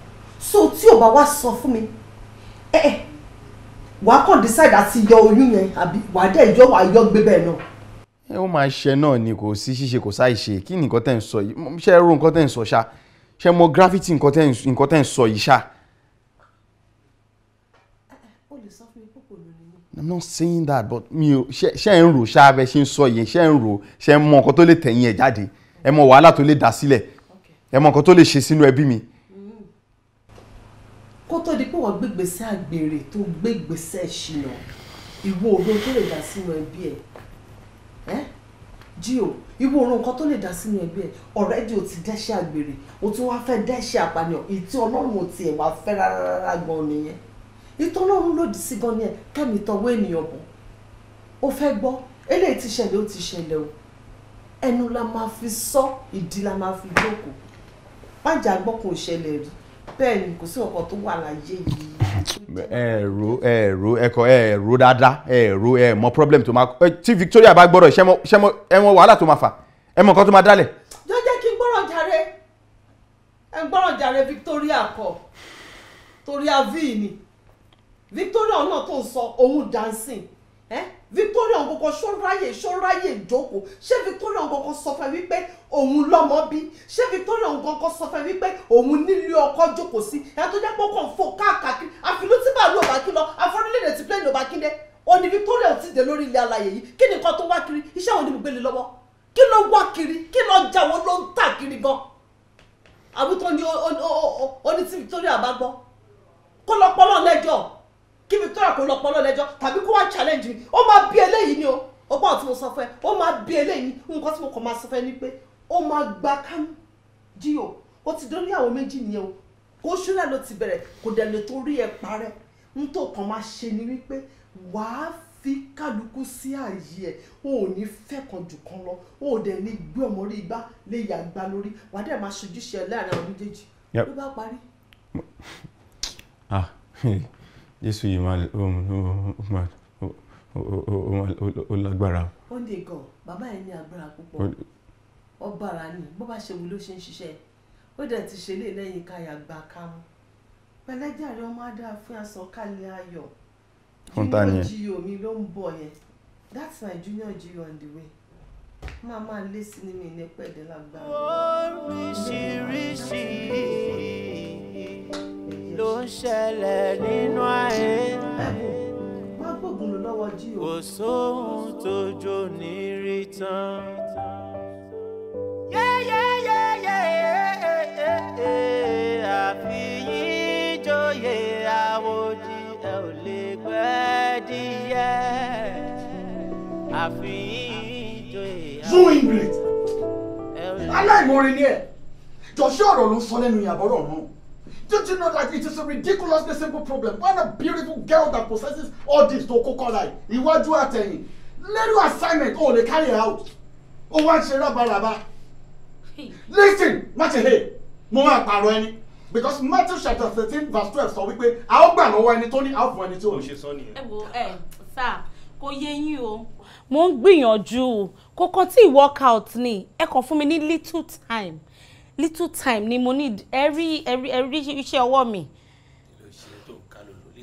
so tí o bá wá sọ fún mi ẹ ẹ wàá kàn decide àti yọ oyún yẹn àbí wàá dẹ̀ yọ wàá yọ gbé bẹ́ẹ̀ náà. ẹ ó máa ṣe náà ni kò sí ṣíṣe kò sáì ṣe kí ni nǹkan tẹ́ ń sọ yìí ṣe é ro nǹkan tẹ́ ń sọ ṣá ṣe mọ gravity nǹkan tẹ́ ń sọ yìí ṣá. I'm not saying that but mi ò ṣe ń rò ṣá abẹ ṣe ń sọ yẹn ṣe ń rò ṣe ń mọ nǹkan tó lè tẹ̀yìn ẹ̀ jáde ẹ mọ wàhálà tó lè dá sílẹ̀ ẹ mọ nǹkan tó lè ṣe sínú ẹbí mi. Mm. kó tó di pé wọ́n gbégbèsè àgbèrè tó gbégbèsè ìṣìnà ìwọ òru tó lè dá sínú ẹbí ẹ jíò ìwọ òru nǹkan tó lè dá sínú ẹbí ẹ ọ̀rẹ́dì ò ti dẹ́ṣẹ̀ àgbèrè o tún wá fẹ́ dẹ́ṣẹ̀ àpànìyàn ìtí ọlọ́run ò tiẹ̀ wá fẹ́ rárá gan nìyẹn ìtọ́lọ́run lòdì sí gan nìyẹn kẹ́mi tọwọ́ ènìyàn bọ̀ ó fẹ́ gbọ́ eléyìí ti ṣẹlẹ̀ ó ti ṣẹlẹ̀ o ẹnu la máa fi sọ ìdí la máa fi jókòó májà gbọ́ kò ṣẹlẹ̀ rí bẹ́ẹ̀ ni kò sí ọkọ tó wà láyé yìí. ẹ̀rọ ẹ̀rọ ẹ̀kọ́ ẹ̀rọ dáadáa ẹ̀rọ ẹ̀ mọ problem tó máa tí Victoria bá gbọ́dọ̀ ṣẹ́mọ ẹ̀wọ̀n wàhálà tó máa fà ẹ̀mọ nǹkan tó máa dálẹ̀. jọ jẹ́ kí n gbọ́rọ̀ jàre ẹ gbọ́rọ̀ jàre Victoria kọ torí avi ni Victoria náà tó ń sọ òun dancing Victoria ọ̀gọ̀gọ̀ ṣọ́ráyè ṣọ́ráyè ìjókòó ṣé Victoria ọ̀gọ̀gọ̀ sọ fẹ́ wípé òun lọ́mọ bí ṣé Victoria ọ̀gọ̀gọ̀ sọ fẹ́ wípé òun nílé ọkọ jókòó sí ẹ̀ tó jẹ́ pé ó kàn fò káàkiri àfìlú tí bàálù ò bá kí lọ afọ́nilẹ̀dẹ̀ tí plẹ́ẹ̀nì ò bá kí dé ó ní Victoria ò ti dé lórí ilé alàyè yìí kí ni nǹkan tó wá kiri iṣẹ́ òun ni mo gbélé lọ́wọ́ kí ló wá kiri kí ló jà wọ́n ló ń tà kiri gan àbútọ́ ni ó ní tí Victoria bá gbọ́ kó lọ pọ́lọ́ lẹ́jọ́ kí Victoria kò lọ pọlọ tàbí kó wá challenge mi ó máa bí eléyìí ni o ó gbọ́n tí mo sọ fún ó máa bí eléyìí nǹkan tí mo kàn máa sọ fún ni pé ó máa gba kánú jí o ó ti dán ní àwọn méjì nìyẹn o kó ṣúlẹ̀ ló ti bẹ̀rẹ̀ kò dẹ̀ lè torí ẹ parẹ́ n tó kàn máa ṣe ni wípé wàá fi kálukú sí ààyè ẹ̀ o ò ní fẹ́ jù kan lọ o ò dẹ̀ ní gbé ọmọ rí igbá lè yà gbá lórí wàá dẹ̀ máa ṣojúṣe ẹ láàrin àwọn méjèèjì ló bá parí. Ah, jésù yìí máa ó lágbára. ó de gan bàbá yẹn ní agbára púpọ̀ ọbàrà ni bó bá ṣe wù ló ṣe ń ṣiṣẹ́ ó dẹ̀ ti ṣe lè káyà gbà kámú pẹ̀lẹ́jàre ọmọ adá fún àsọkálẹ̀ ayọ̀ junior gio mi ló ń bọ̀ yẹn that's my junior gio on the way máa máa lé sí ni mi lágbára. oríṣiríṣi ló ń ṣẹlẹ̀ nínú ayé. kò sóhun tójó ní rí tán. àfi zoom in great aláìmoore ni ẹ jọ sí ọ̀rọ̀ ló sọ lẹ́nu ìyàbọ̀ rọ̀ Don't you know that it is a ridiculously simple problem? When a beautiful girl that possesses all this to kókó láì, iwájú àtẹ̀yìn, little assignment o oh, lè carry out. Oh, wá ń ṣe rábàràbà. Listen, Matthew, ṣe hey, mo máa Because Matthew chapter 13 verse 12, sọ wípé a ó gbà lọ́wọ́ ẹni tó ní a ó fún ẹni tí ò ní. Ẹ wo ẹ sáà kò yé yín o. Mo ń gbìyànjú workout ni ẹ kàn fún mi little time little time ni mo need every every every iṣẹ́ ọwọ́ mi. kí ló ṣe little time wo ló ní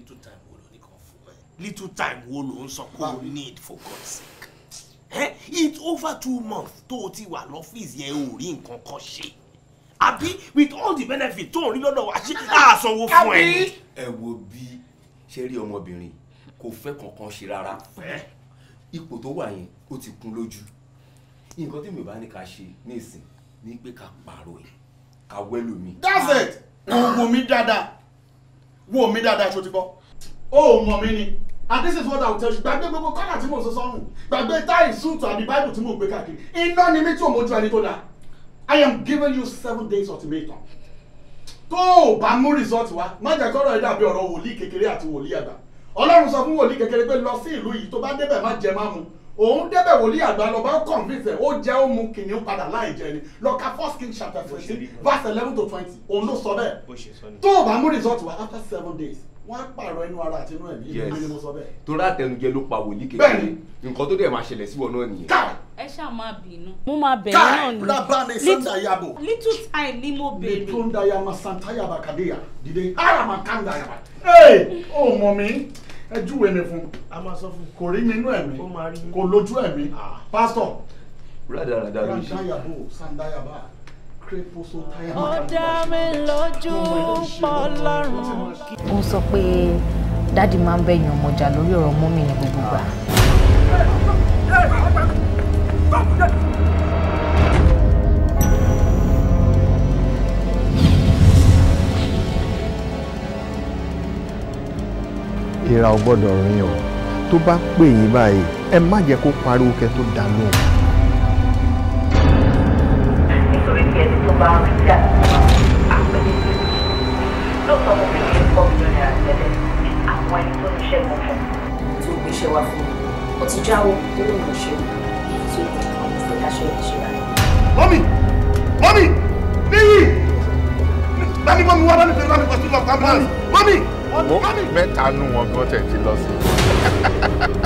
little time wo ló ń sọ pé o need for God's sake eh? it's over two months tó o ti wà lọ́fíìsì yẹn ò rí nǹkan kan ṣe àbí with all the benefits tó ń rí lọ́dọ̀ wá ṣe àsanwó fún ẹ. ẹ wo bí ṣe rí ọmọbìnrin kò fẹ́ kankan ṣe rárá ipò tó wà yẹn ó ti kún lójú nǹkan tí mi ò bá ní ká ṣe ní ìsìn ní pé ká pààrọ̀ ẹ̀ ká wẹ́lò mi. that's it wò mí dáadáa wò mí dáadáa ṣó ti gbọ́ ó mọ̀ mí ni and this is what i will tell you gbàgbé gbogbo kọ́nà tí mò ń sọ sọ́run gbàgbé táì sùtù àbí báìbù tí mò ń gbé káàkiri iná ni mí tí ò mójú ẹni tó dáa i am giving you seven days ultimatum tó o bá mú result wá má jẹ́ kọ́rọ̀ ẹ dàbí ọ̀rọ̀ wòlíì kékeré àti wòlíì àgbà ọlọ́run sọ fún wòlíì kékeré pé lọ sí ìlú yìí tó bá débẹ̀ má jẹ má mu òun débẹ̀ wòlíì àgbà lọ bá convince ẹ̀ ó jẹ́ ó mu kìnìún padà láì jẹ ni lọ ka first king chapter twenty verse eleven to twenty òun ló sọ bẹ́ẹ̀ tó o bá mú result wa after seven days wọ́n á pààrọ̀ ẹnu ara àti inú ẹ̀mí ìlú mi ni mo sọ bẹ́ẹ̀. torí àtẹnujẹ ló pa wòlíì kékeré nǹkan tó dẹ̀ máa ṣẹlẹ̀ sí wọn náà nìyẹn ẹ ṣáà máa bínú. mo máa bẹ̀rẹ̀ náà ni. rabba ni santayabo. little time ni mo bèrè. little dayama santayaba kadeya dìde aramakanda yaba. [laughs] ee o mọ mi ẹ júwe mi fún kò rí mi inú ẹ̀mí kò lójú ẹ̀mí pásítọ̀. rádaràdà ló ṣe. rádaràdà mi lójú pọ̀ lọ́rùn. ó sọ pé dáàdi máa ń bẹ̀yìn ọmọjà lórí ọ̀rọ̀ mọ́mì ní gbogbo gbà. ìra ò gbọ́dọ̀ rìn o tó bá pè yín báyìí ẹ má jẹ́ kó pariwo kẹ́ tó dànù. nítorí kí ẹni tó bá ń rí bí àtúntò àpẹẹrẹ ìlú lóòótọ́ mo fi kí n kọ́ mílíọ̀nù náírà tẹ́lẹ̀ àwọn ẹni tó ń ṣe mọ́ fún mi tó gbéṣẹ́ wá fún mi ó ti jáwọ́ tó lè mọ̀ ṣe èyí tó yẹ kí wọ́n fi dáṣẹ́ ìṣẹ́ra. mọ́mì mọ́mì níyì dání mọ́mì wá dání fẹ́ẹ́ dání pàṣẹ lọ́kàn mọ́mì mọ́mì mẹ́ta nù wọn gan tẹ̀ ti lọ sí.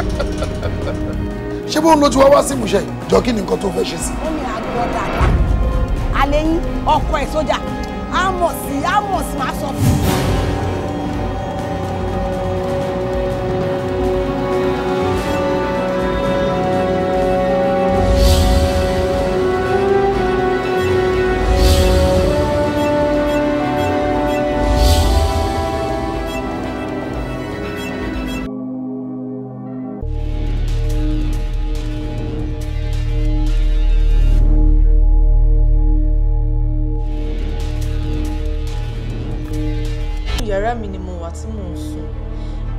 [laughs] ṣé bó ń lo tiwa wá sí ìmúṣẹ jọ kí ni nǹkan tó fẹ́ ṣe sí. ó ní àjọ dáadáa alẹ́ yín ọkọ ẹ̀ sójà á mọ̀ sí á mọ̀ sí máa sọ fún un. yàrá mi ni mo wà tí mò ń sùn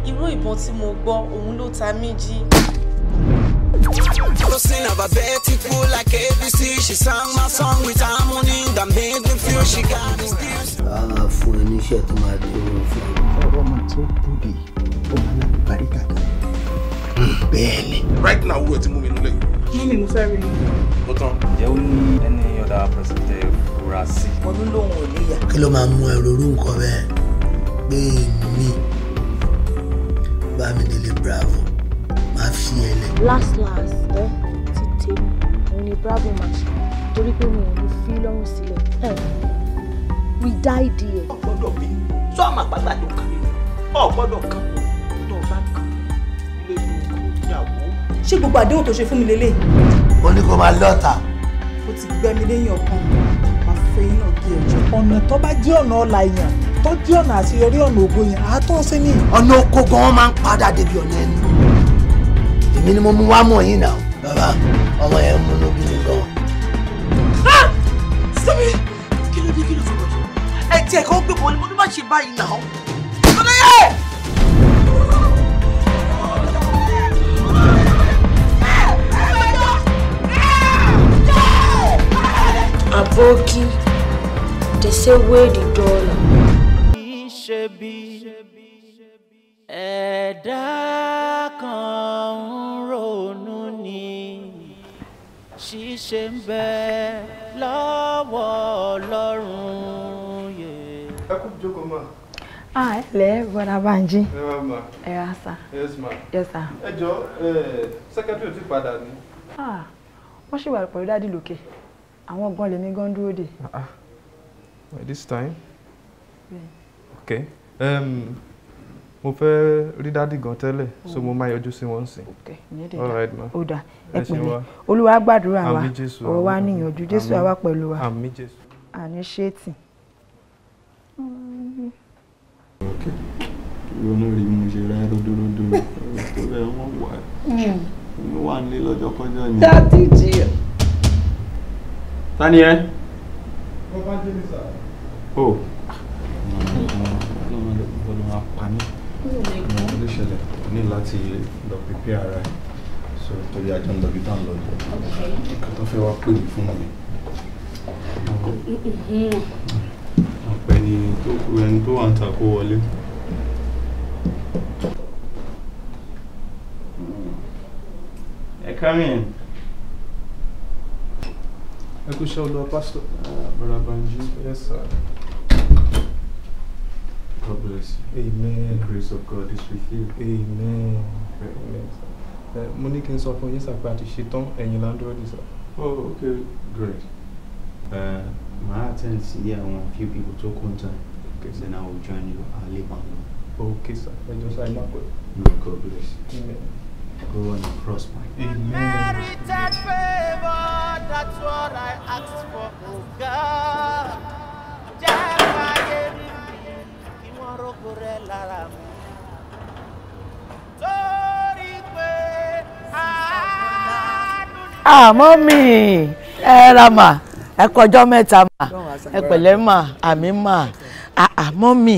irú ìbọn tí mo gbọ́ òun ló ta mí jí. Toasting of a Betty cool like ABC. She sang my song with harmony that made me feel she got this Ah, fún ẹni iṣẹ́ tó máa dé wọn fún mi. Ọ̀rọ̀ máa tó bùdì, ó Right now, we're ti mú mi lulẹ̀. Mú mi mú fẹ́ rí. Ó tán. Ǹjẹ́ ó ní ẹni ọ̀dà pẹ̀sìtẹ̀ fura sí? Mo ní lóun ò níyà. Kí ló pè mí Bámidélé Bravo máa fi ẹ last last ẹ ti tèmi òun ni Bravo máa ṣe torí pé mi ò ní fi lọ́rùn sílẹ̀ we die there. ọgbọ́dọ̀ bí sọ àmà pàtàkì kan ọgbọ́dọ̀ kan tó bá kan lè lu ìyàwó. ṣé gbogbo àdéhùn tó ṣe fún mi lélẹ̀. ó ní kó máa lọ́ta. ó ti gbẹ́mi léyìn ọkàn máa fẹ́ yín náà kí ẹjọ́. ọ̀nà tó bá jẹ́ ọ̀nà ọ̀la èèyàn tó jí ọ̀nà àṣeyọrí ọ̀nà ògo yẹn àá tó ṣe ní. ọ̀nà oko gan wọn máa ń padà débi ọ̀nà ẹnu èmi ni mo mú wá mọ̀ yín náà bàbá ọmọ yẹn mú lóbi ní gan. sọ́mi kí ló dé kí ló fẹ́ wọ́n ẹ tiẹ̀ kọ́ gbé bọ́ọ̀lù mo ní má ṣe báyìí náà. ọ̀nàyẹ. Aboki, they say where the dollar ṣe bí ẹ̀dá kan ń ronú ni ṣíṣe ń bẹ lọ́wọ́ ọlọ́run yẹ. ẹ kú jókòó máa. Ah, le bọ̀dá Bánjí. Ẹ wá ma. Ẹ wá sá. Yes ma. Yes sá. Ẹ jọ sẹ́kẹ́tìrì ti padà ni. Wọ́n ṣì wà pẹ̀lú dádì lókè. Àwọn ọgbọ́n lèmi gan dúró dè. By ah, ah. this time ok mo fẹ́ rí dádì gan tẹ́lẹ̀ so mo máa yọjú sí wọn sí. all right ma ó dà ẹ pẹ̀lú olúwa gbàdúrà wa ọ̀rọ̀ wa níyànjú jésù àwa pẹ̀lú wa àmín jésù àní ṣéètì. ok ronú rí mo ṣe rẹ ródóródó tó bẹ wọn wà inú hmm. wà nílé lọ́jọ́ kọjá ni. dádì jì ọ. ta ẹ. bọ́bá jẹ́ mi sà. Oh pani mí mo ń lè ṣẹlẹ̀ ní láti lọ pípé ara ẹ̀ so torí ajá ń lọ bí táwọn lọ yìí kí tó fẹ́ wá pè mí fún mi. ọ̀pẹ ni tó kú ẹni tó wà ń ta wọlé. ẹ kárí ẹ̀. Ẹ kú iṣẹ́ Olúwa pásítọ̀. Ah, Bàrà Banji. Yes sir grace. Amen. The grace of God is with you. Amen. Amen. Mo ní kí n sọ fún yín sàpé àti ṣetán ẹ̀yìn láńdúró dì sọ. Oh, okay, great. Màá attend sí àwọn few people tó kún tán. Okay, then I will join you and leave my Okay, sir. Ẹ jọ sáyé máa pẹ̀. God bless you. Amen. Go on and prosper. Amen. Merited favour, that's what I asked for, oh God. Ah, lára mi. torí pé àánú ni. àmọ́ mi ẹ ra mà ẹ kọjọ́ mẹ́ta mà ẹ pẹ̀lẹ́ mà àmì mà àmọ́ ah, ah, mi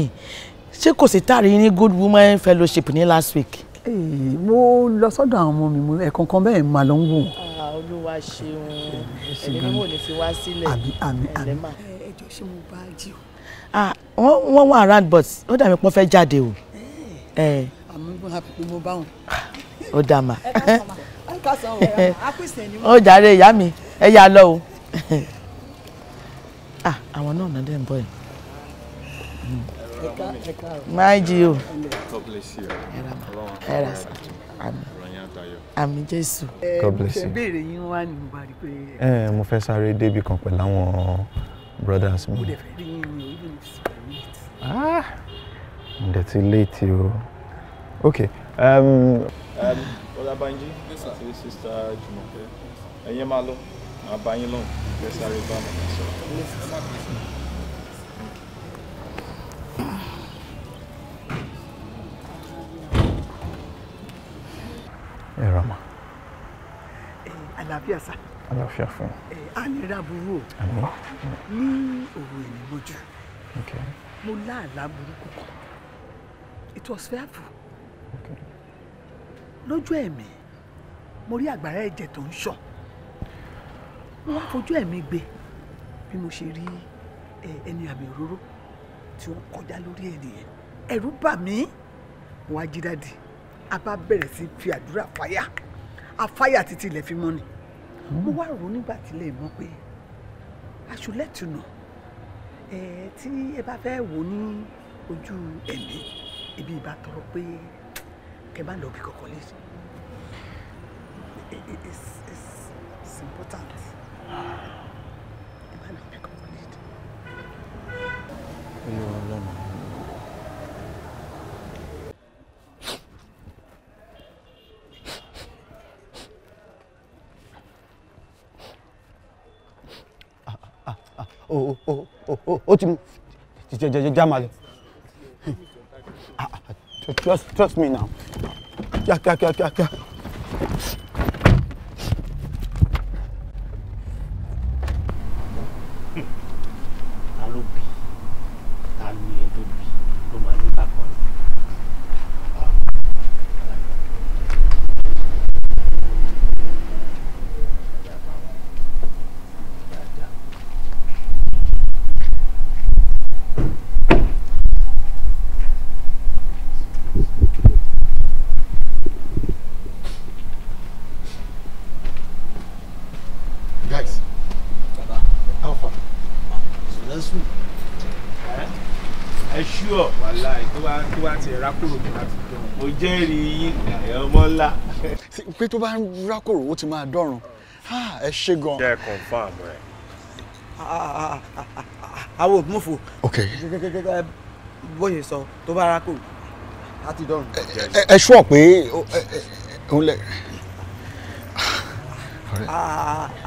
ṣé kò sí tààrí ní good woman fellowship ní last week. Eh, mo lọ sọ́dọ̀ àwọn ọmọ mi ẹ̀ẹ̀kọ̀ọ̀kan bẹ́ẹ̀ máa lọ ń wò ah, olúwa ṣeun ẹni mímọ́ ní fi wá sílẹ̀ ẹlẹ́mà. ẹ ṣé mo bá jí o. Ah, wọ́n wà round but ó dàbí pọ́n fẹ́ jáde o. Eh. Eh. àmì bó happy pé mo bá wọn. Ah, ó dà mà. [laughs] ó jàre ìyá mi ẹ yà lọ o. [laughs] Ah, àwọn náà nà dé ń bọ̀ yìí. máa jí o. ẹ ra God bless you. ṣe béèrè yín wá ní mo bá rí pé. ẹ eh, mo fẹ́ sáré débi kan pẹ̀lú àwọn brothers mi. ah ǹdẹ̀ ti léètì o ok. ọlábànjí àti sista jùmọ̀kẹ́ ẹ̀yin máa lọ màá bá yín lọ́hùn ẹ sáré bá mi sọ. ẹ ràn mọ́. Eh, àlàáfíà sá. àlàáfíà fún mi àníràbúrò ní òru ìnìmọ́jú mo láàlá burúkú kan it was fearful lójú ẹ̀mí mo rí àgbàrá ẹ̀jẹ̀ tó ń ṣàn mo wá fojú ẹ̀mí gbé bí mo ṣe rí ẹni àmì òróró tí wọ́n kọjá lórí ènìyàn ẹ̀rù bà mí wọ́n á jí dáàdì a bá bẹ̀rẹ̀ sí fi àdúrà fáyà afáyà títí ilẹ̀ fi mọ́ ni mo wá rò nígbà tílẹ̀ mọ́ pé aṣùlẹ̀tùnà ẹ tí ẹ bá fẹ́ wò ní ojú ẹ̀mí ibi ìbá tọrọ pé kẹ má lọ bí kọ̀ọ̀kan lè ṣe it's important ẹ má lọ bí kọ̀ọ̀kan lè ṣe. ẹ yọ ọ lọ́nà. ó ti mú jẹjẹjẹ já máa lọ trust ah, ah, me now kíákíákíákíá. bá ti rákòrò kí láti dán. mo jẹ́rìí yín ẹ̀ ọmọ ńlá. pé tó bá ń rákòrò ó ti máa dọ̀rùn ẹ ṣe gan. jẹ́ confam rẹ̀. àwọn òmùfò. ok. bóyè sọ tó bá rákòrò láti dọ̀rùn. ẹ ṣọ́ pé òun lẹ.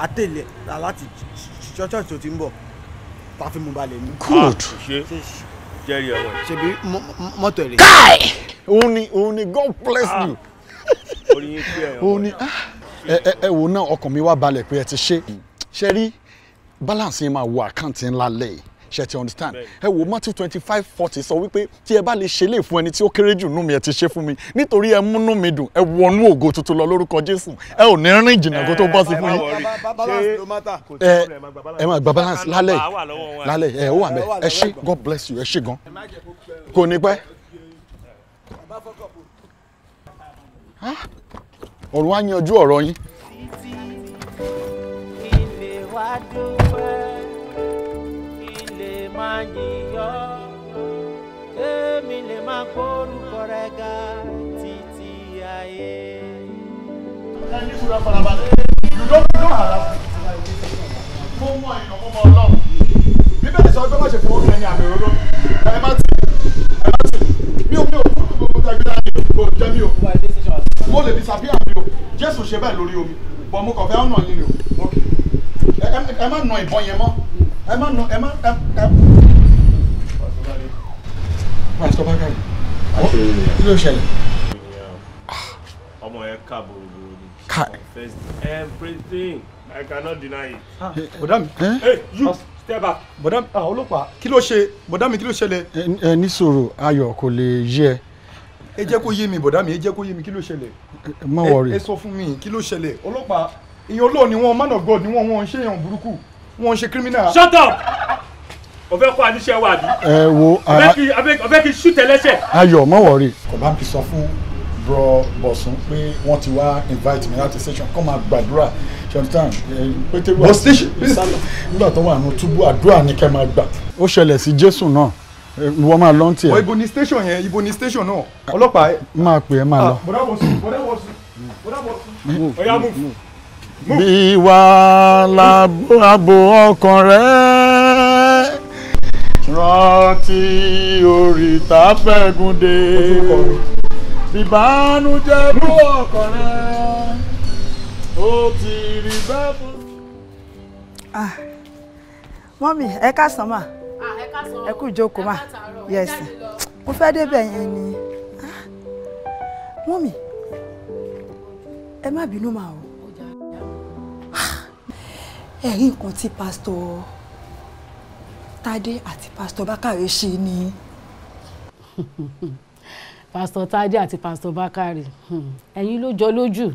àtẹ̀lẹ̀ láti ṣọ́ọ̀ṣì tó ti ń bọ̀ tá a fi mú balẹ̀ ní. good. Ah, jẹ́rìí ọmọ ẹ̀. ṣebí mọ́tò ẹ̀ rè. òun ni òun ni God bless ah. you. [laughs] oríyìn pé ẹ̀yàn òun ni ah, ẹ wo náà ọkàn mi wá balẹ̀ pé ẹ ti ṣe ṣe rí balance yẹn máa wo àkáǹtì ńlá lẹ́yìn ṣe ti understand ẹ wo Matthew twenty five forty sọ wípé tí ẹ bá lè ṣe lè fún ẹni tí ó kéré jù nú mi ẹ ti ṣe fún mi nítorí ẹ múnú mi dùn ẹ wọnú ògo tuntun lọ lórúkọ Jésù ẹ ò ní rìn jìnnà kó tó bọ́ sí fún yín ẹ ẹ máa gba balance lálẹ́ lálẹ́ ẹ ó wà mẹ ẹ ṣé God bless you ẹ ṣé gan kò ní pẹ́ ọ̀run á yanjú ọ̀rọ̀ yín. títí ilé wa dó máa yíyọ́ kémi lè máa gbórúkọ rẹ̀ ga títí ayé. ẹni kúrò farabalẹ̀ ìlú ló hàrá mo mọ ìnáwó mọ ọlọ́run bíbélì sọ pé má ṣe fún oúnjẹ ní mi ò mi ò kúrò gbogbo tẹgbẹ́dá mi ò gbogbo disappear mi ò jésù ṣe bẹ́ẹ̀ lórí omi bọ̀ mo kàn fẹ́ ọ̀nà yín ni o ẹ má nà ìbọn yẹn mọ́ ẹ má nà ẹ má ẹ ẹ. pásítọ̀ bá káyì kí ló ṣẹlẹ̀. ọmọ yẹn kà bòròbòrò ni confess everything i cannot deny it. Ah. bọ̀dá mi eh? you step back. bọ̀dá mi ah, ọlọ́pàá kí ló ṣe bọ̀dá mi kí ló ṣẹlẹ̀. ẹ ní sọ̀rọ̀ ayọ̀ kò lè yé ẹ ẹ jẹ́ kó mi bọ̀dá mi ẹ jẹ́ kó yé mi kí ló ṣẹlẹ̀. má wọrí ẹ sọ fún mi kí ló ṣẹlẹ̀ ọlọ́pàá ìyẹn ni wọn man of god ni wọn wọn ń ṣèyàn burúkú wọn ṣe criminal. shut up o fẹ́ kó àníṣe wa bi. ẹ wo o fẹ́ kí ṣú tẹ́lẹ́sẹ̀. ayọ̀ mọ̀ wọ̀rí. kò bá mi sọ fún bro bọ̀sùn pé wọ́n ti wá invite mi láti station kọ́ máa gbàdúrà ṣọ̀tàn pété wà nígbà tó wà nù túbú àdúrà ni kẹ́ máa gbà. ó ṣẹlẹ̀ sí jésù náà wọ́n máa lọ́n tiẹ̀. ibo ni station yẹn ibo ni station náà ọlọ́pàá. máa pè é máa ah, lọ. bọ́dá bọ̀sùn bọ́dá bọ̀sùn bọ́dá bọ̀sùn bí wà láàbò ọkàn rẹ̀ rántí orí tá fẹ́gun dé ìbànújẹ́ bó ọkàn rẹ̀ ó ti rí bẹ́ẹ̀ fún. Ah, mọ́mì ẹ káàsán mà ah, ẹ kú ìjókòó mà yẹ̀sì mo fẹ́ débẹ̀ yẹn ni ah, mọ́mì ẹ má bínú mà o ẹ rí nǹkan tí pásítọ̀ Tádé àti pásítọ̀ Bákàrè ṣe ni. [laughs] pásítọ̀ Tádé àti pásítọ̀ Bákàrè hmm. ẹ̀yin ló jọ lójú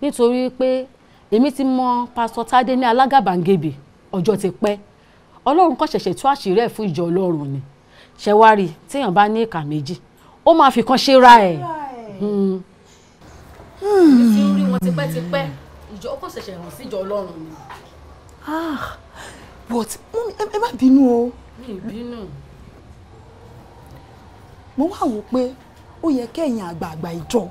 nítorí pé èmi ti mọ pásítọ̀ Tádé ní alágàbàǹgebè ọjọ́ ti pẹ́ ọlọ́run kan ṣẹ̀ṣẹ̀ tú àṣírí ẹ̀ fún ìjọ ọlọ́run ni ṣẹ̀wárì téèyàn bá ní ìkà méjì ó máa fi kan ṣe ra ẹ̀. Hmm. Hmm. ti ń rí wọn ìjọ ó kàn ṣẹ̀ṣẹ̀ hàn síjọ ọlọ́run ni. ah but mọ́mí ẹ má bínú o. mi ì bínú. mo wá wò pé ó yẹ kẹ́yìn àgbààgbà ìjọ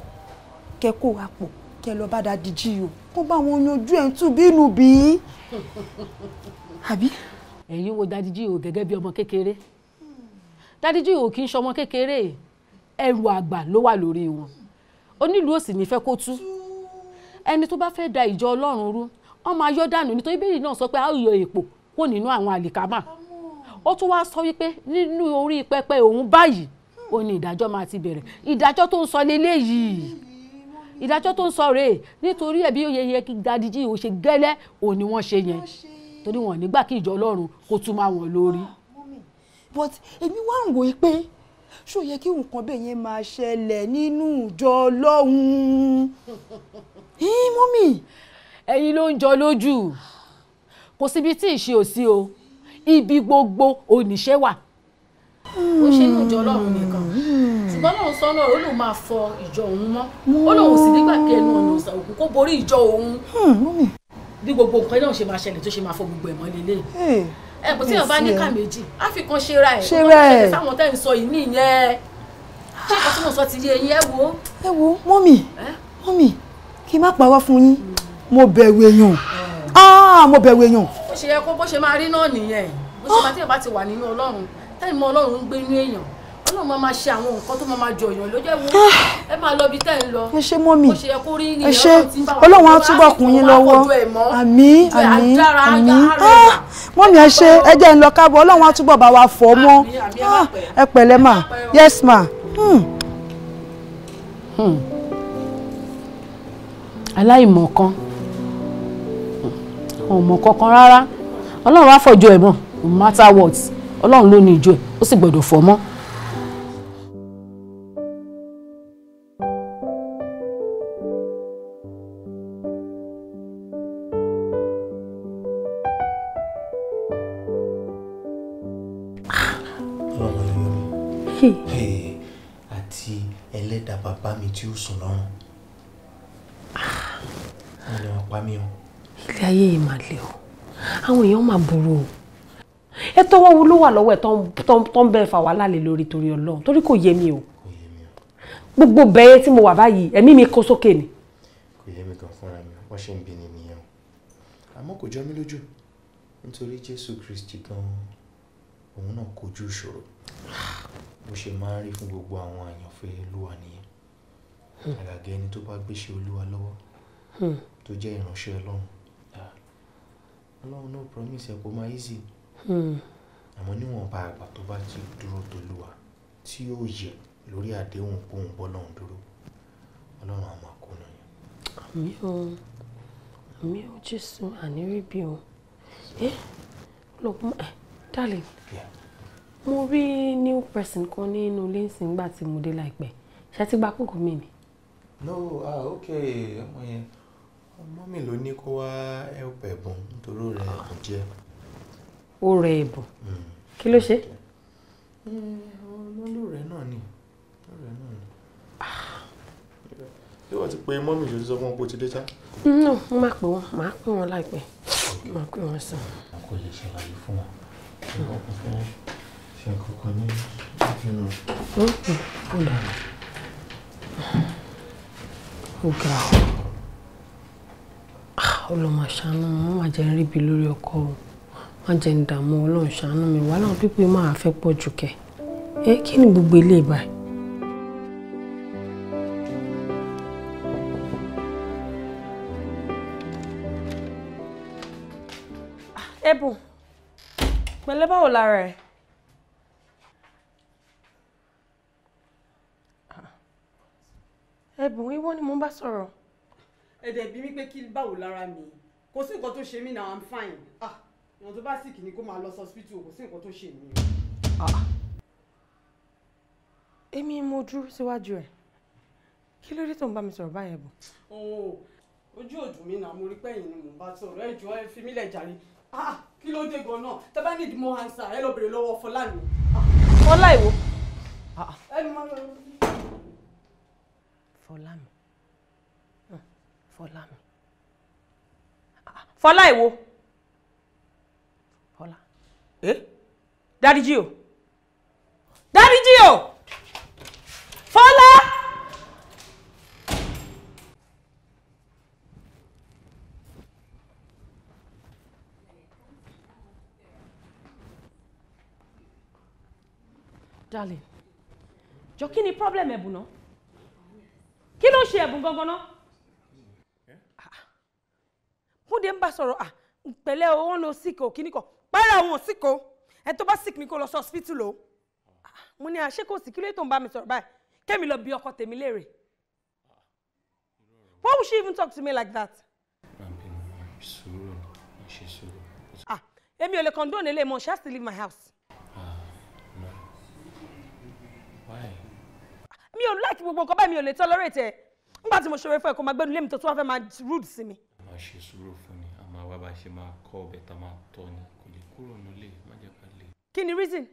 kẹ́ kó wa pọ̀ kẹ́ lọ bá dadi jí o kó bá wọn yanjú ẹ̀ ń tún bínú bí i. àbí. ẹ̀yin wo dadi jí o gẹ́gẹ́ bí ọmọ kékeré dadi jí o kì í ṣọmọ kékeré ẹrù àgbà ló wà lórí wọn onílùú òsì ní fẹ́ kó tú. tú ẹni tó bá fẹ́ da ìjọ ọlọ́run rú wọ́n máa yọ dànù nítorí bíbélì náà sọ pé a ó yọ èpò kó nínú àwọn àlìkámà ó tún wáá sọ wípé nínú orí pẹpẹ òun báyìí ó ní ìdájọ́ máa ti bẹ̀rẹ̀ ìdájọ́ tó ń sọ leléyìí ìdájọ́ tó ń sọ rèé nítorí ẹ̀bí oyeye dadiji ò ṣe gẹ́lẹ́ òun ni wọ́n ṣe yẹn torí wọn nígbà kí ìjọ ọlọ́run kó tún máa wọ̀n lórí. but èmi wá ń wòye pé ṣó yẹ kí nǹkan bẹ́ẹ̀ yẹn máa ṣẹlẹ̀ nínú ìjọ ọlọ́run mọ́mì ẹ̀yin ló ń jọ lójú kò síbi tí ìṣe ò sí o ibi gbogbo oníṣẹ́ wà. ó ṣe inú ìjọ ọlọ́run nìkan ṣùgbọ́n lóun sọ́nà ó lóun máa fọ ìjọ òun mọ́ ó lóun sì nígbà kẹnu ọ̀nà òkú kó borí ìjọ òun hmm, bí gbogbo nǹkan náà ṣe máa ṣẹlẹ̀ tó ṣe máa fọ gbogbo ẹ̀mọ́ lélẹ̀ ẹ kò tí yàn bá ní ká méjì á ṣera ẹ̀ ṣera ẹ̀ sáwọn tẹ́ ń sọ yìí nìyẹn ṣé ìkọ́sí ti yé eyín ẹ wo. ẹ wo mọ́mì mọ́mì kí n má parọ́ fún yín mo bẹ̀rù èèyàn ah mo bẹ̀rù èèyàn. bó ṣe yẹ kó bó ṣe máa rí náà nìyẹn bó ṣe máa tí èèyàn bá ti wà nínú ọlọ́run táyì mọ ọlọ́run ń gbé inú èèyàn ọlọ́run máa máa ṣe àwọn nǹkan tó máa máa jọ èèyàn lójú ẹ̀wọ̀n ah. ẹ máa lọ ibi tẹ́ ẹ lọ. ẹ ṣe ah, mọ́mì ẹ ṣe ọlọ́run á túbọ̀ kún yín lọ́wọ́ àmín àmín àmín mọ́mì ẹ ṣe ẹ ń lọ káàbọ̀ ọlọ́run á túbọ̀ bá wa fọ̀ mọ́ ẹ ah, pẹ̀lẹ́ mà yes ma. Hmm. Hmm aláìmọ̀kan ọmọ kankan rárá ọlọ́run á fọjọ ẹ̀ mọ̀ no matter what ọlọ́run ló ní ìjọ ẹ̀ ó sì gbọ́dọ̀ fọ̀ mọ́. àti ẹlẹ́dàá bàbá mi tí ó sùn lọ́rùn ọ̀nà pa mí o. ilé ayé yìí máa le o àwọn èèyàn máa burú o ẹ tọwọ́ wo ló wà lọ́wọ́ ẹ̀ tó ń bẹ́ẹ̀ fà wàhálà lé lórí torí ọlọ́run torí kò yé mi o gbogbo bẹ́ẹ̀ tí mo wà báyìí ẹ̀mí mi kó sókè ni. kò yé mi kan fúnra mi wọ́n ṣe ń bi ni nìyẹn o àmọ́ kò jọ mí lójú nítorí jésù kristi gan-an òun náà kojú ìṣòro bó ṣe máa ń rí fún gbogbo àwọn àyànfẹ́ olúwa nìyẹn àgàgà ẹni tó bá gbéṣẹ́ olúwa lọ́wọ́ Hmm. tó jẹ́ ìránṣẹ́ ọlọ́run ọlọ́run náà promise ẹ̀ kó máa easy hmm. àmọ́ níwọ̀nba àgbà tó bá ti dúró tolúwa tí yóò yẹ lórí àdéhùn kóhun bọ́lọ́run dúró ọlọ́run á máa kó náà yẹn. àmì o àmì o jésù ànírí bí o ẹ lọ́gbọ́n ẹ darling mo rí new person kan nínú ilé ìsìn gbà tí mo dé láìpẹ́ ṣe ti gba kókò mi ni. no ah okay ọmọ yẹn mọ́mì ló ní kó wá help ẹ̀bùn nítorí ó rẹ ẹ̀bùn díẹ̀. ó rẹ ẹ̀bùn hmm. kí ló ṣe. olórẹ náà ni olórẹ náà ni. ṣé wọ́n ti pe mọ́mì ló sọ fún ọ pé ó ti dé sá. no mo máa pè wọn màá pè wọn láìpẹ́ màá pè wọn sàn. wọn kò lè ṣàlàyé fún wọn ṣé wọn kò fẹ́ ṣe kankan ní ìpinnu. Hmm, hmm, ó ga ó ọlọ́mọ ṣàánú wọn má jẹ́ ń ríbi lórí ọkọ o má jẹ́ ń dààmú ọlọ́run ṣàánú mi wàhálà àwọn pípé máa fẹ́ pọ̀ jù kẹ́ ẹ kí ni gbogbo ilé ìbáyìí. Ah, ẹ̀bùn pẹ̀lẹ́ báwo lára ẹ̀. Ah, ẹ̀bùn ìwọ ni mo bá sọ̀rọ̀ ẹ̀dẹ̀ bí mi pé kí báwo lára mi kò sí nǹkan tó ṣe mí now i'm fine ah ìwọ̀n tó bá sì kì ní kó máa lọ sọ́sìpítì o kò sí nǹkan tó ṣe mí o. Ah. èmi mo dúró síwájú ẹ kí ló dé tó ń bá mi sọ̀rọ̀ báyẹn bọ̀. Oh, ojú òdùn mi náà mo rí pẹ́yìn ni mo bá sọ̀rọ̀ ẹ jọ̀ọ́ ẹ fi mí lẹ̀ jàre ah, kí ló dé gan-an tẹ́ bá need more ẹ lọ bèrè lọ́wọ́ fọlá mi. ẹnu máa ń lọ. fọlá fọlá mi fọlá ìwo fọlá ẹ eh? dáríjì o dáríjì o fọlá. darling jọ kí ni problem ẹ̀bùn náà kí ló ń ṣe ẹ̀bùn gangan náà. Húndé ń bá sọ̀rọ̀ à ah, pẹ̀lẹ́ o wọ́n lo sick o kíní kan pẹ́rẹ́ àwọn sick o ẹ tó bá sick ni kó lọ sí hospital o ah, mo ní àṣẹ ah, kò sí ń bá mi sọ̀rọ̀ báyìí kémi lọ bí ọkọ tèmi léèrè why would she even talk to me like that. ah èmi ò lè condone eléyìí mo she has to leave my house. mi ò like gbogbo nǹkan báyìí mi ò lè tolerate ẹ nígbà tí mo ṣòro fún ẹ kó máa gbẹnu lémi tó tún wá fẹ́ máa rude sí mi ṣe sùúrù fún ni a máa wá bá ṣe máa kọ́ ọbẹ̀ tá a máa tọ́ ni kò lè kúrò nílé má jẹ́ ká lè. kí ni reason.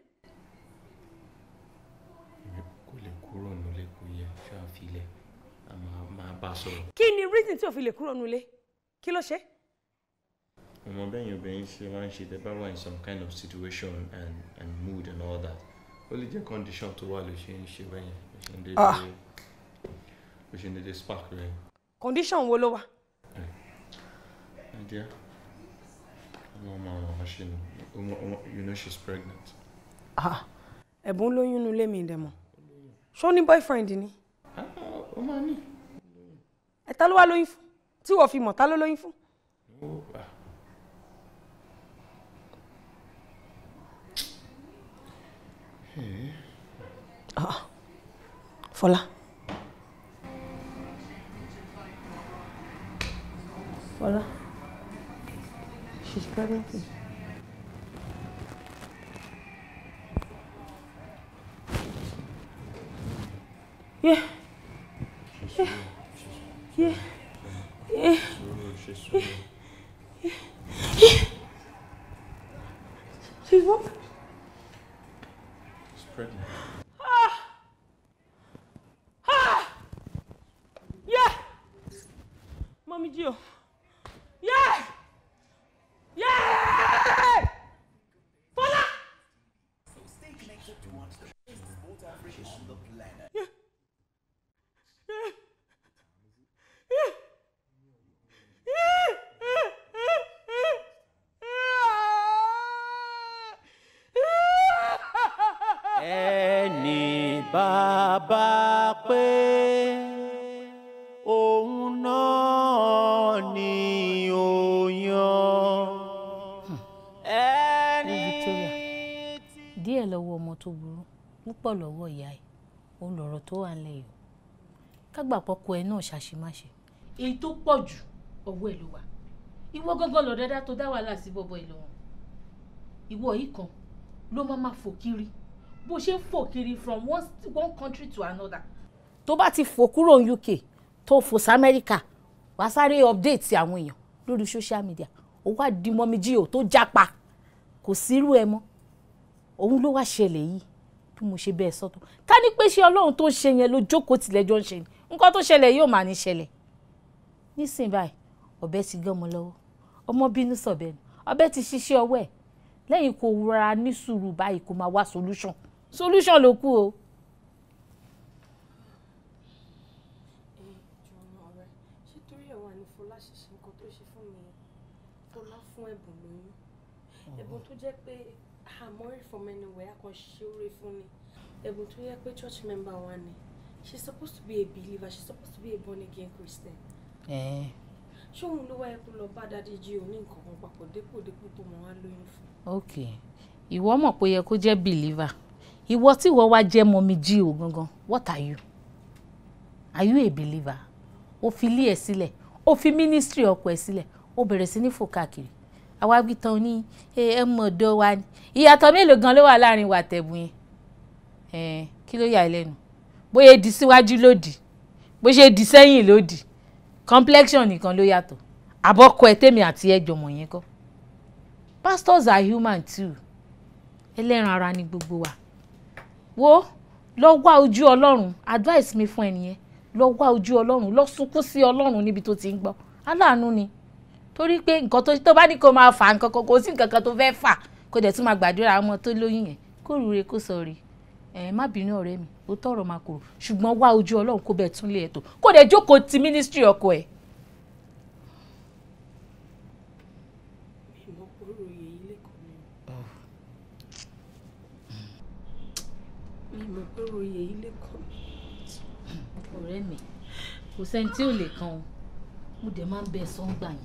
èmi kò lè kúrò nílé kò yẹ ṣáàfilẹ̀ a máa bá a sọ̀rọ̀. kí ni reason tí o fi lè kúrò nílé kí ló ṣe. ọmọ bẹ́yìn obìnrin ṣe máa ń ṣe tẹ́ bá in some kind of situation and and mood and all that ó lè jẹ́ condition tó wà ló ṣe ń ṣe bẹ́yìn ló ah. ṣe ń dédé spark rẹ̀. condition wo ló wà dear. No, mama, she, oh, oh, oh, you know she's pregnant. Ah, ẹ̀bùn lóyún nulẹ̀ mi dẹ̀ mọ̀. Ṣó ní boyfriend ni? Ah, ó máa ní. Ẹ̀ta ló wá lo fún? Tí wọ́n fi mọ̀ ta ló lóyún fún? Ah, ah. Fọlá. Fọlá. Deixa de parar aqui. Yeah. Yeah. Yeah. Yeah. Yeah. She's what? She's pregnant. Ah! Ah! Yeah! Mommy Jill. bàbá pé òun náà ni ó yan ẹni tí. díẹ̀ lọ́wọ́ ọmọ tó burú púpọ̀ lọ́wọ́ ìyá ẹ̀ òun lọ̀rọ̀ tó wà nílẹ̀ yìí kágbà pọ́kọ ẹ náà ṣàṣemáṣe. èyí tó pọ̀ jù ọwọ́ ẹ̀ ló wà ìwọ gángan lọ dáadáa tó dá wàhálà sí bọ́bọ́ ẹ̀ ìwọ yìí kan ló máa máa fò kiri bó ṣe ń fò kiri from one, one country to another. tó bá ti fò kúrò ní UK tó fò sí Amẹ́ríkà wàá sáré update àwọn èèyàn lórí social media ó wá di mọ́mijì tó jápa kò sírú ẹ mọ́ òun ló wá ṣẹlẹ̀ yìí bí mo ṣe bẹ́ẹ̀ sọ́tọ̀ ká ní pé ṣe ọlọ́run tó ń ṣe yẹn ló jókòó tilẹ̀ ń ṣe ni nǹkan tó ṣẹlẹ̀ yóò máa ní ṣẹlẹ̀ nísìnyí báyìí ọ̀bẹ ti gé ọmọ lọ́wọ́ ọmọ bínú sọ̀bẹ nù ti ṣiṣẹ́ ọwọ́ ẹ̀ lẹ́yìn kò rọra ní sùúrù báyìí kó máa wá solution solution ló kù o. ẹ̀bùn tó jẹ́ pé àmọ́rí from anywhere a ṣe oore fún ni ẹ̀bùn tó yẹ pé church member wa ni she's supposed to be a believer she's supposed to be a born again christian. ṣóun ló wáyé kó lọ bá dáadé jí òní nǹkan kan papọ̀ dépò dépò tó mọ̀ wá lóyún fún. ok ìwọ mọ̀ pé ó yẹ kó jẹ́ believer ìwọ tí ìwọ wá jẹ́ mọ́mí jí o gangan what are you are you a believer o fi ilé ẹ̀ sílẹ̀ o fi ministry ọkọ ẹ̀ sílẹ̀ o bẹ̀rẹ̀ sí ní fò káàkiri àwa wí tán ní ẹ mọ̀ ọ̀dọ́ wa ni ìyàtọ̀ mélòó gan ló wà láàrin wa tẹ̀bùn yẹn kí ló yà ẹ́ lẹ́nu bóyá di síwájú lòdì bó ṣe di sẹ́yìn lòdì complexion nìkan ló yàtọ̀ àbọ̀kọ ẹ tèmi àti ẹ jọmọ yẹn kọ́ pastors are human too ẹlẹ́ran ara ni gbogbo wa wo lọ wá ojú ọlọ́run advice mi fún ẹnìyẹn lọ wá ojú ọlọ́run lọ sunkún sí ọlọ́run níbi tó ti ń gbọ́ aláàánú ni torí pé nǹkan tó tó bá ní kó máa fà nǹkan kan kò sí nǹkan kan tó fẹ́ fà kó dẹ̀ tún máa gbàdúrà ọmọ tó lóyún yẹn kó rure kó sọ rè ẹ má bínú ọ̀rẹ́ mi ó tọrọ máa kúrò ṣùgbọ́n wá ojú ọlọ́run kó bẹ̀ tún lé ẹ̀ tó kó dẹ̀ jókòó ti ministry ọkọ ẹ̀ oyè yìí lè kọ́ mi. ọ̀rẹ́ mi kò sẹ́ni tí ò lè kan o mo dẹ̀ máa ń bẹ sọ́ngbà yẹn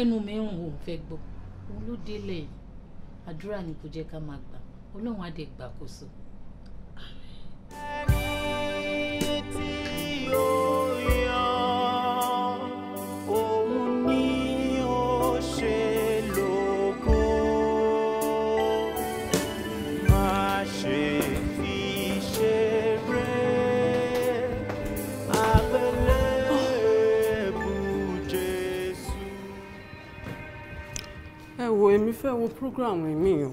ẹnu mi ń hùn fẹ́ gbọ́ òun ló délẹ̀ àdúrà ni kò jẹ́ ká máa gbà ọlọ́run á dẹ̀ gbàkóso. ẹni tí yóò. èmi fẹ́ wo program èmi o.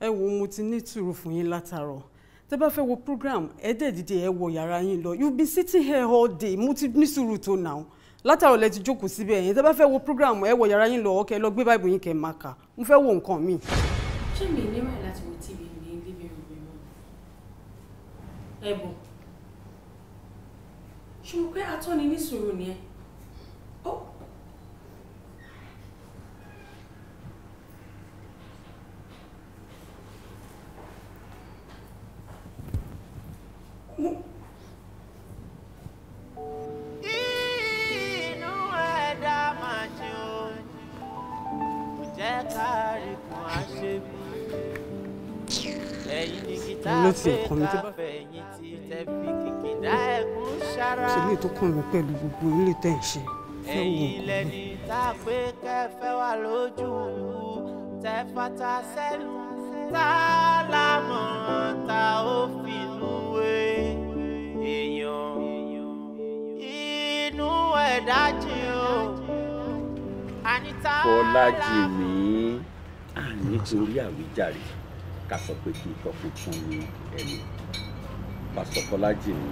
ẹ wo mo ti ní ìtùrù fún yín látàárọ̀ tẹ bá fẹ́ wo program ẹ dẹ̀ dìde ẹ wọ yàrá yín lọ you be sitting here all day mo ti ní sùúrù tó nà ó látàárọ̀ lẹ ti jókòó síbẹ̀ yẹn tẹ bá fẹ́ wo program ẹ wọ yàrá yín lọ ọkẹ lọ gbé báìbù yín kẹ máa kà mo fẹ́ wo nǹkan mi. ẹ̀bùn ṣe mo pé atọ́ni ní sùúrù ni ẹ ó inú ẹ̀dá máa ṣe òun kò jẹ́ ká rí kan àṣebí ló tiẹ̀ kọ́ mi tó bá ṣe lè tó kàn mí pẹ̀lú gbogbo ilé tẹ̀ ń ṣe fẹ́ wò ó tẹ fata sẹ́nu tá ó fi nù èèyàn inú ẹ̀dá jìn o àníta lára. Fọlájìmí àní torí àwíjàre ká sọ pé kí n sọ pé fún pásítọ̀ Bọ́lájì ni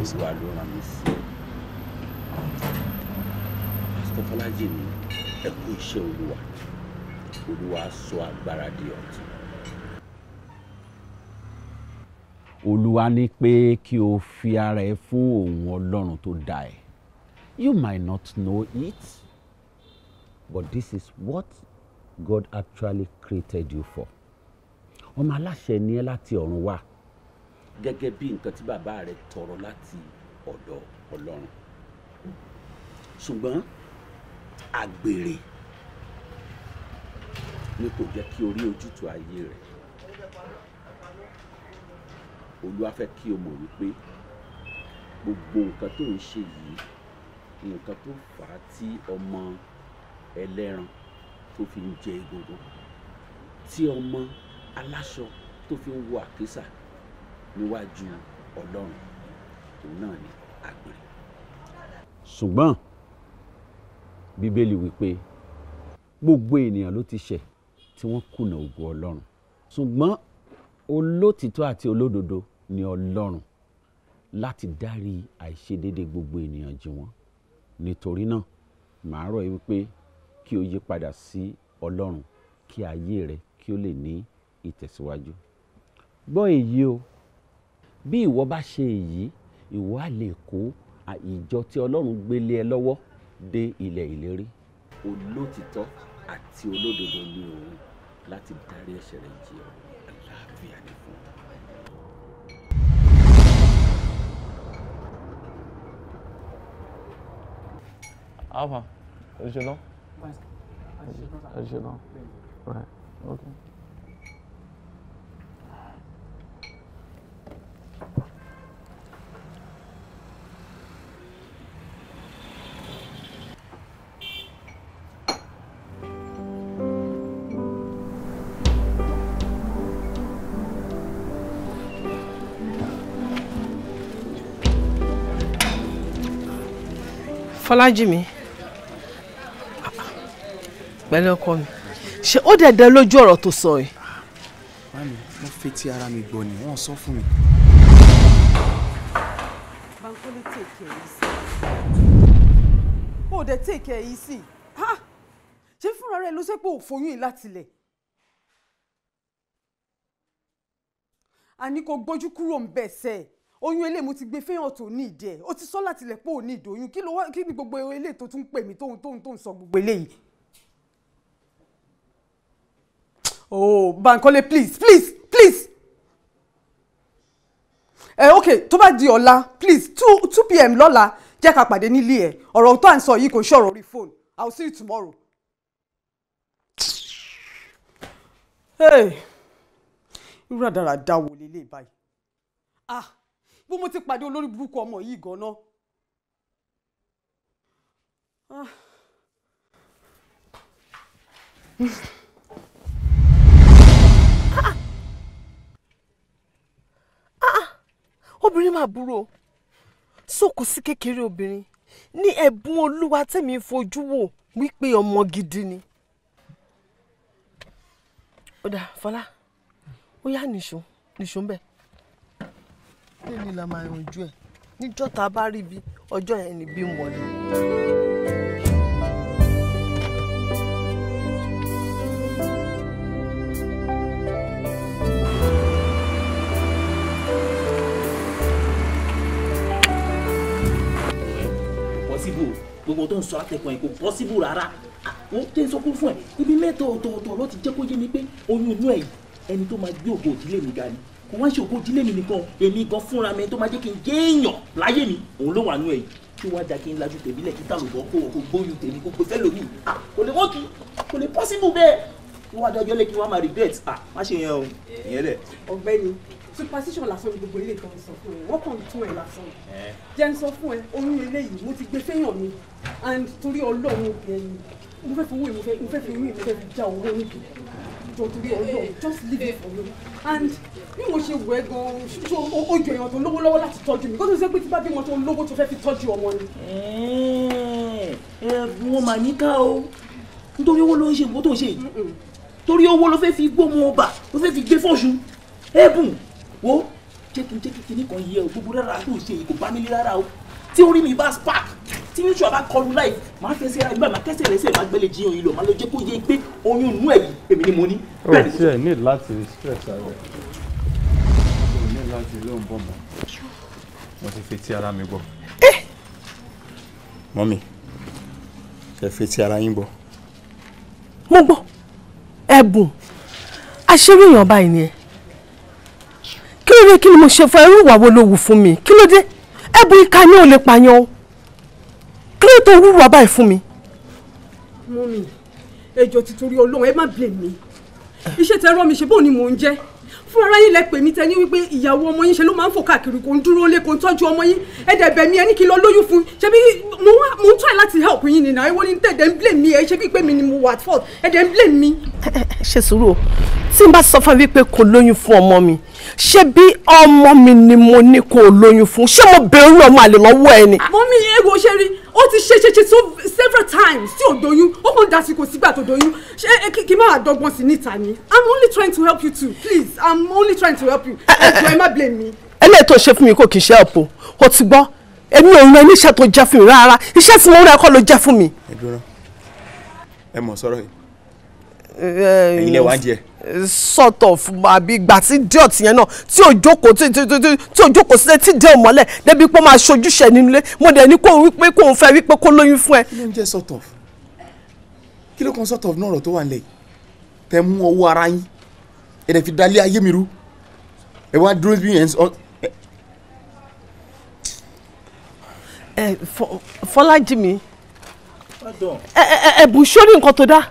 olúwa ló rán mi sí pásítọ̀ Bọ́lájì ni ẹ kú iṣẹ́ olúwa olúwa sọ agbára di ọ̀tun. olúwa ní pé kí o fi ara ẹ fún òun ọlọ́run tó dá ẹ you might not know it but this is what God actually created you for ọmọ aláṣẹ ni ẹ́ láti ọ̀run wá. gẹ́gẹ́ bí nǹkan tí bàbá rẹ tọrọ láti ọ̀dọ̀ ọlọ́run ṣùgbọ́n àgbèrè ni kò jẹ́ kí o rí ojútùú ayé rẹ olúwa fẹ́ kí o mọ̀ wípé gbogbo nǹkan tó ń ṣe yìí nǹkan tó fà á tí ọmọ ẹlẹ́ran tó fi ń jẹ egungun tí ọmọ aláṣọ tó fi ń wo àkísà níwájú ọlọ́run òun náà ni àgbèrè. ṣùgbọ́n bíbélì wípé gbogbo ènìyàn ló ti ṣẹ̀ tí wọ́n kùnà ògo ọlọ́run ṣùgbọ́n olótìtọ́ àti olódodo ni ọlọ́run láti dárí àìṣedéédé gbogbo ènìyàn jì wọ́n nítorí náà màá rọ̀ ẹ́ wípé kí o yí padà sí ọlọ́run kí ayé rẹ kí o lè ní ìtẹ̀síwájú gbọ́ èyí o bí ìwọ bá ṣe èyí ìwọ á lè kó ìjọ tí ọlọ́run gbélé ẹ lọ́wọ́ dé ilẹ̀ ìlérí olótìtọ́ àti olódodo ni òun láti darí ẹ̀ṣẹ̀ rẹ̀ jì ọ́ ni fún ọ. Alpha, is she done? Is she done? Right, okay. Fọlájìmí pẹ̀lú ọkọ mi ṣé ó dẹ̀dẹ̀ lójú ọ̀rọ̀ tó sọ yìí. mami mo fetí ara mi gbọ́ ni wọ́n sọ fún mi. bankole tèkè yìí sí ó dẹ̀ tèkè yìí sí ṣé fúnra rẹ̀ ló ṣe pé òfòyún yìí látilẹ̀. àní kò gbójú kúrò ń bẹ̀ sẹ́ẹ̀ oyún eléyìí ti gbé fẹ́yàn tó ní ìdí ẹ̀ ó ti sọ láti lẹ̀ pé ní ìdòyún kí ló wá kí ni gbogbo eléyìí tó tún pè mí tóun tóun tóun sọ gbogbo eléyìí. oh Bankole please please please ẹ eh, ok tó bá di ọ̀la please two two pm lọ́la jẹ́ ká pàdé nílé ẹ̀ ọ̀rọ̀ tó à ń sọ yìí kò ṣọ̀rọ̀ orí fóònù i will see you tomorrow. Hey irú àdáradá wo lélẹ́yìí báyìí ah bó mo ti pàdé olórí burúkú ọmọ yìí gan-an. Ah! Ah! Ah! obìnrin máa burú o sókò sí kékeré obìnrin ní ẹ̀bùn olúwa tẹ̀mí fojú wò wípé ọmọ gidi ni. ó dà fọlá ó yá nìṣó nìṣó ń bẹ̀ tèmi la máa yanjú ẹ̀ níjọ́ tá a bá rí bí ọjọ́ yẹn ni bí ń wọlé. possible gbogbo tó ń sọ àtẹkùn ẹ kò possible rárá wọn tẹ sọkún fún ẹ ibi mẹ́ta ló ti jẹ́ kó yé mi pé oyún inú ẹ yìí ẹni tó máa gbé ògo òdílé mi ga ni kò wá ṣe òkú ìdílé mi nìkan èmi gan fúnra mi tó máa jẹ́ kí n jẹ́ èèyàn láyé mi òun ló wà nú ẹ̀ yìí kí wá da kí n lajú tèmi lẹ̀ kí tàlùbọ̀ kó kó gbóyún tèmi kó pe fẹ́lẹ̀ mi kò lè wọ́ọ̀kì kò lè pọ́sibú bẹ́ẹ̀ kí wá dájọ́ lé kí wá máa regret má ṣe yẹn o ìyẹn lẹ̀. ọ̀gbẹ́ni superstition lásán ni gbogbo ilé ìtàn sọ fún ẹ wọ́n kàn tún ẹ lásán jẹ́ n sọ fún ẹ oyún eléyìí mo ti gbé fẹ́yàn mi and torí ọlọ́run mo fẹ́ fowó yìí mo fẹ́ mo fẹ́ fi yín mo fẹ́ fi já owó yín kìí jọ torí ọlọ́run just leave it for me and bí mo ṣe wẹ̀ gan ṣíṣe ojú èèyàn tó lówó lọ́wọ́ láti tọ́jú mi gbọ́dọ̀ ṣe pé tí bá bímọ tó lówó tó fẹ́ fi tọ́jú ọmọ ni. ẹ̀ẹ́dùn wọn mà níkà o nítorí owó ló ń ṣe ìwọ́n tó ń ṣe yìí torí owó ló fẹ́ fi gbómo ọba ló fẹ́ fi gbé fọ́ṣù ẹ̀bùn wo jẹ́kí jẹ́kí kìnnìkan yẹ o gbogbo rárá tó ń ṣe yìí kò bá mi lé rárá o tí orí mi bá spark tí yíṣu àbá kọlu láì máa fẹsẹ̀ ara ìgbà máa kẹsẹ̀ lẹ́sẹ̀ máa gbẹ́lẹ̀ jíyan yìí lọ máa lọ jẹ́ kó yẹ pé oyún inú ẹ̀ yìí èmi ni mo ní. o oh, ti ẹ ní láti stress ara ẹ o ní láti ló ń bọ̀ mọ́ mo ti fi ti ara mi gbọ́. Eh! mọ́mì ṣe fi ti ara yín gbọ́. mo gbọ́ ẹ̀bùn aṣẹ́rú èèyàn báyìí ni ẹ kí ló dé kí ni mo ṣe fún ẹrú ìwà wo ló wù fún mi kí ló dé ẹ̀bùn ìka ni ò lè pààyàn o kí ló tó wúwo abáyé fún mi. mọ́mí ẹjọ́ ti torí ọlọ́run ẹ má bèè mi iṣẹ́ tẹ rán mi ṣe bóun ni mò ń jẹ́ fún ara yín lẹ pè mí tẹ ní wípé ìyàwó ọmọ yín ṣe ló máa ń fò káàkiri kò ń dúró lé kò ń tọ́jú ọmọ yín ẹ̀dẹ̀ bẹ̀ mí ẹ ní kí n lọ lóyún fún ṣebí mo ń try láti help yín nìyà ẹ wọ́n ní tẹ̀dẹ̀ ń blame mi ẹ ṣebí pé mi ni mo wà at fault ẹ̀dẹ̀ ń blame mi. ṣe sùúrù o tí n bá sọ fún mi pé kò lóyún fún ọmọ mi ṣé bí ọmọ mi ni mo ní kó lóyún fún ṣé mo bẹ̀rù ọmọ àlè lọ́wọ́ ẹ ni. mọ́mí ewo ṣe rí ó ti ṣe ṣe ṣe so several times tí ò doyún ó kàn dá sí kò sígbà tó doyún ṣé kí n má dọ́gbọ́n sí níta ni i'm only trying to help you too please i'm only trying to help you eh, eh, ẹjọ ẹ má blame me. eléyìí tó ṣe fún mi kò kì í ṣe ọ̀pọ̀ o ti gbọ́ èmi ò yan oníṣẹ́ tó jẹ́ fún mi rárá iṣẹ́ tí mo rẹ̀ kọ́ ló jẹ́ fún mi. ẹ dúró ẹ mọ̀ sọ́rọ̀ yìí ilé wa ń jẹ. sort of àbí ìgbà tí diot yẹn náà tí ò jókòó tí ò jókòó sílẹ̀ tí dé òmọ́lẹ̀ débi pé ó máa ṣojúṣe nínú ilé mo dẹ̀ ní kó wípé kó ń fẹ́ wípé kó lóyún fún ẹ. kí ló ń jẹ́ sort of kí ló kan sort of náà ọ̀rọ̀ tó wà lẹ̀ tẹ mú ọwọ́ ara yín ẹ̀rẹ̀ fi dalẹ̀ ayé mi rú ẹ wá dúró bí yẹn ẹ fọlájì mi ẹ ẹ ẹ bù sórí nǹkan tó dáa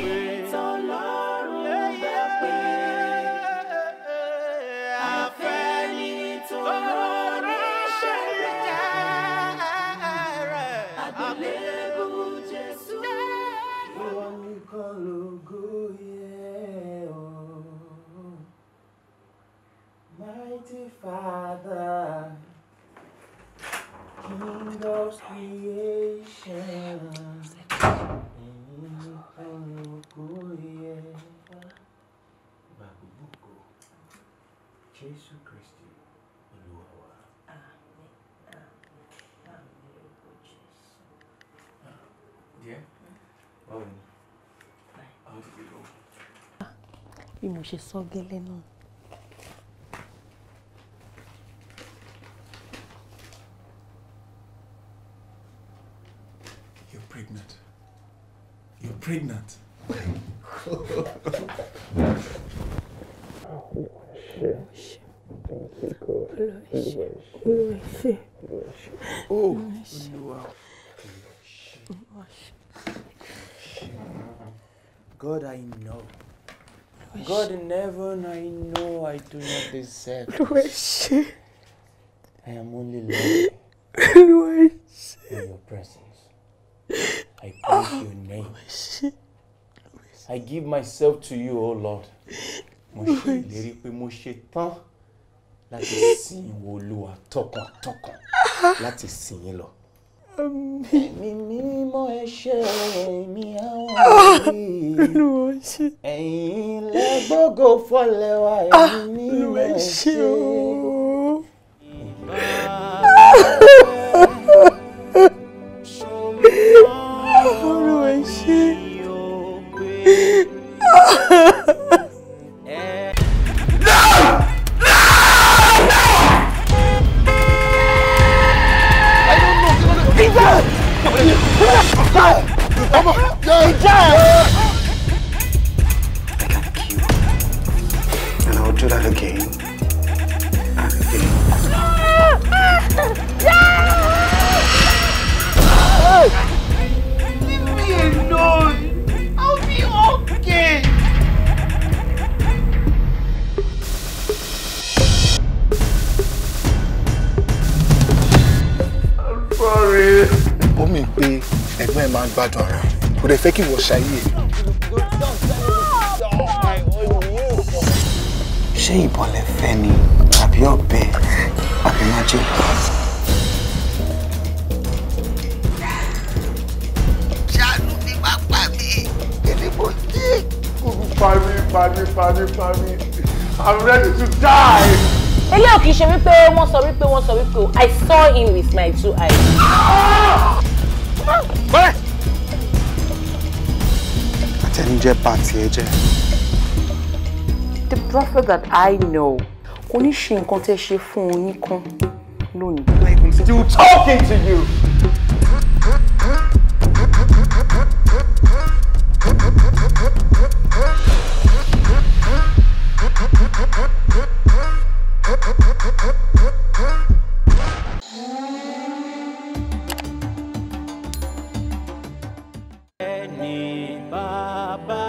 mighty father king of creation ẹ̀yin ológo bí mo ṣe sọ gẹ́lẹ́ náà. You're pregnant. You're pregnant. Oh, wow. God, I know. God never! I know I do not deserve this. [laughs] I am only lonely [laughs] in your presence. I [laughs] praise your name. I give myself to you, O oh Lord. Mo ṣe ìlérí pé mo ṣe tán láti sìn Olúwa tọkàntọkàn ah. láti sìn yín lọ ẹ̀mí mímọ́ ẹ ṣe ẹ̀mí àwọn yìí ah, ẹ̀yin lẹ́gbọ́gọ́ fọlẹ́wà ẹ̀mí ah, mímọ́ ẹ ṣe o. ṣayé ẹ. ṣé ìbọn lè fẹ́ ni àbí ọ̀bẹ àbí májèlé. ṣàánú mi má pa mí èmi mo jí. kúrú parí parí parí parí I'm ready to die. eléyìí kì í ṣe wípé wọ́n sọ wípé wọ́n sọ wípé I saw him with my two eyes. Ah! jẹ́ bá tiẹ̀ jẹ́. The prophet that I know kò ní ṣe nǹkan tẹ́ ṣe fún un nìkan lónìí. I'm still talking to you. Baba.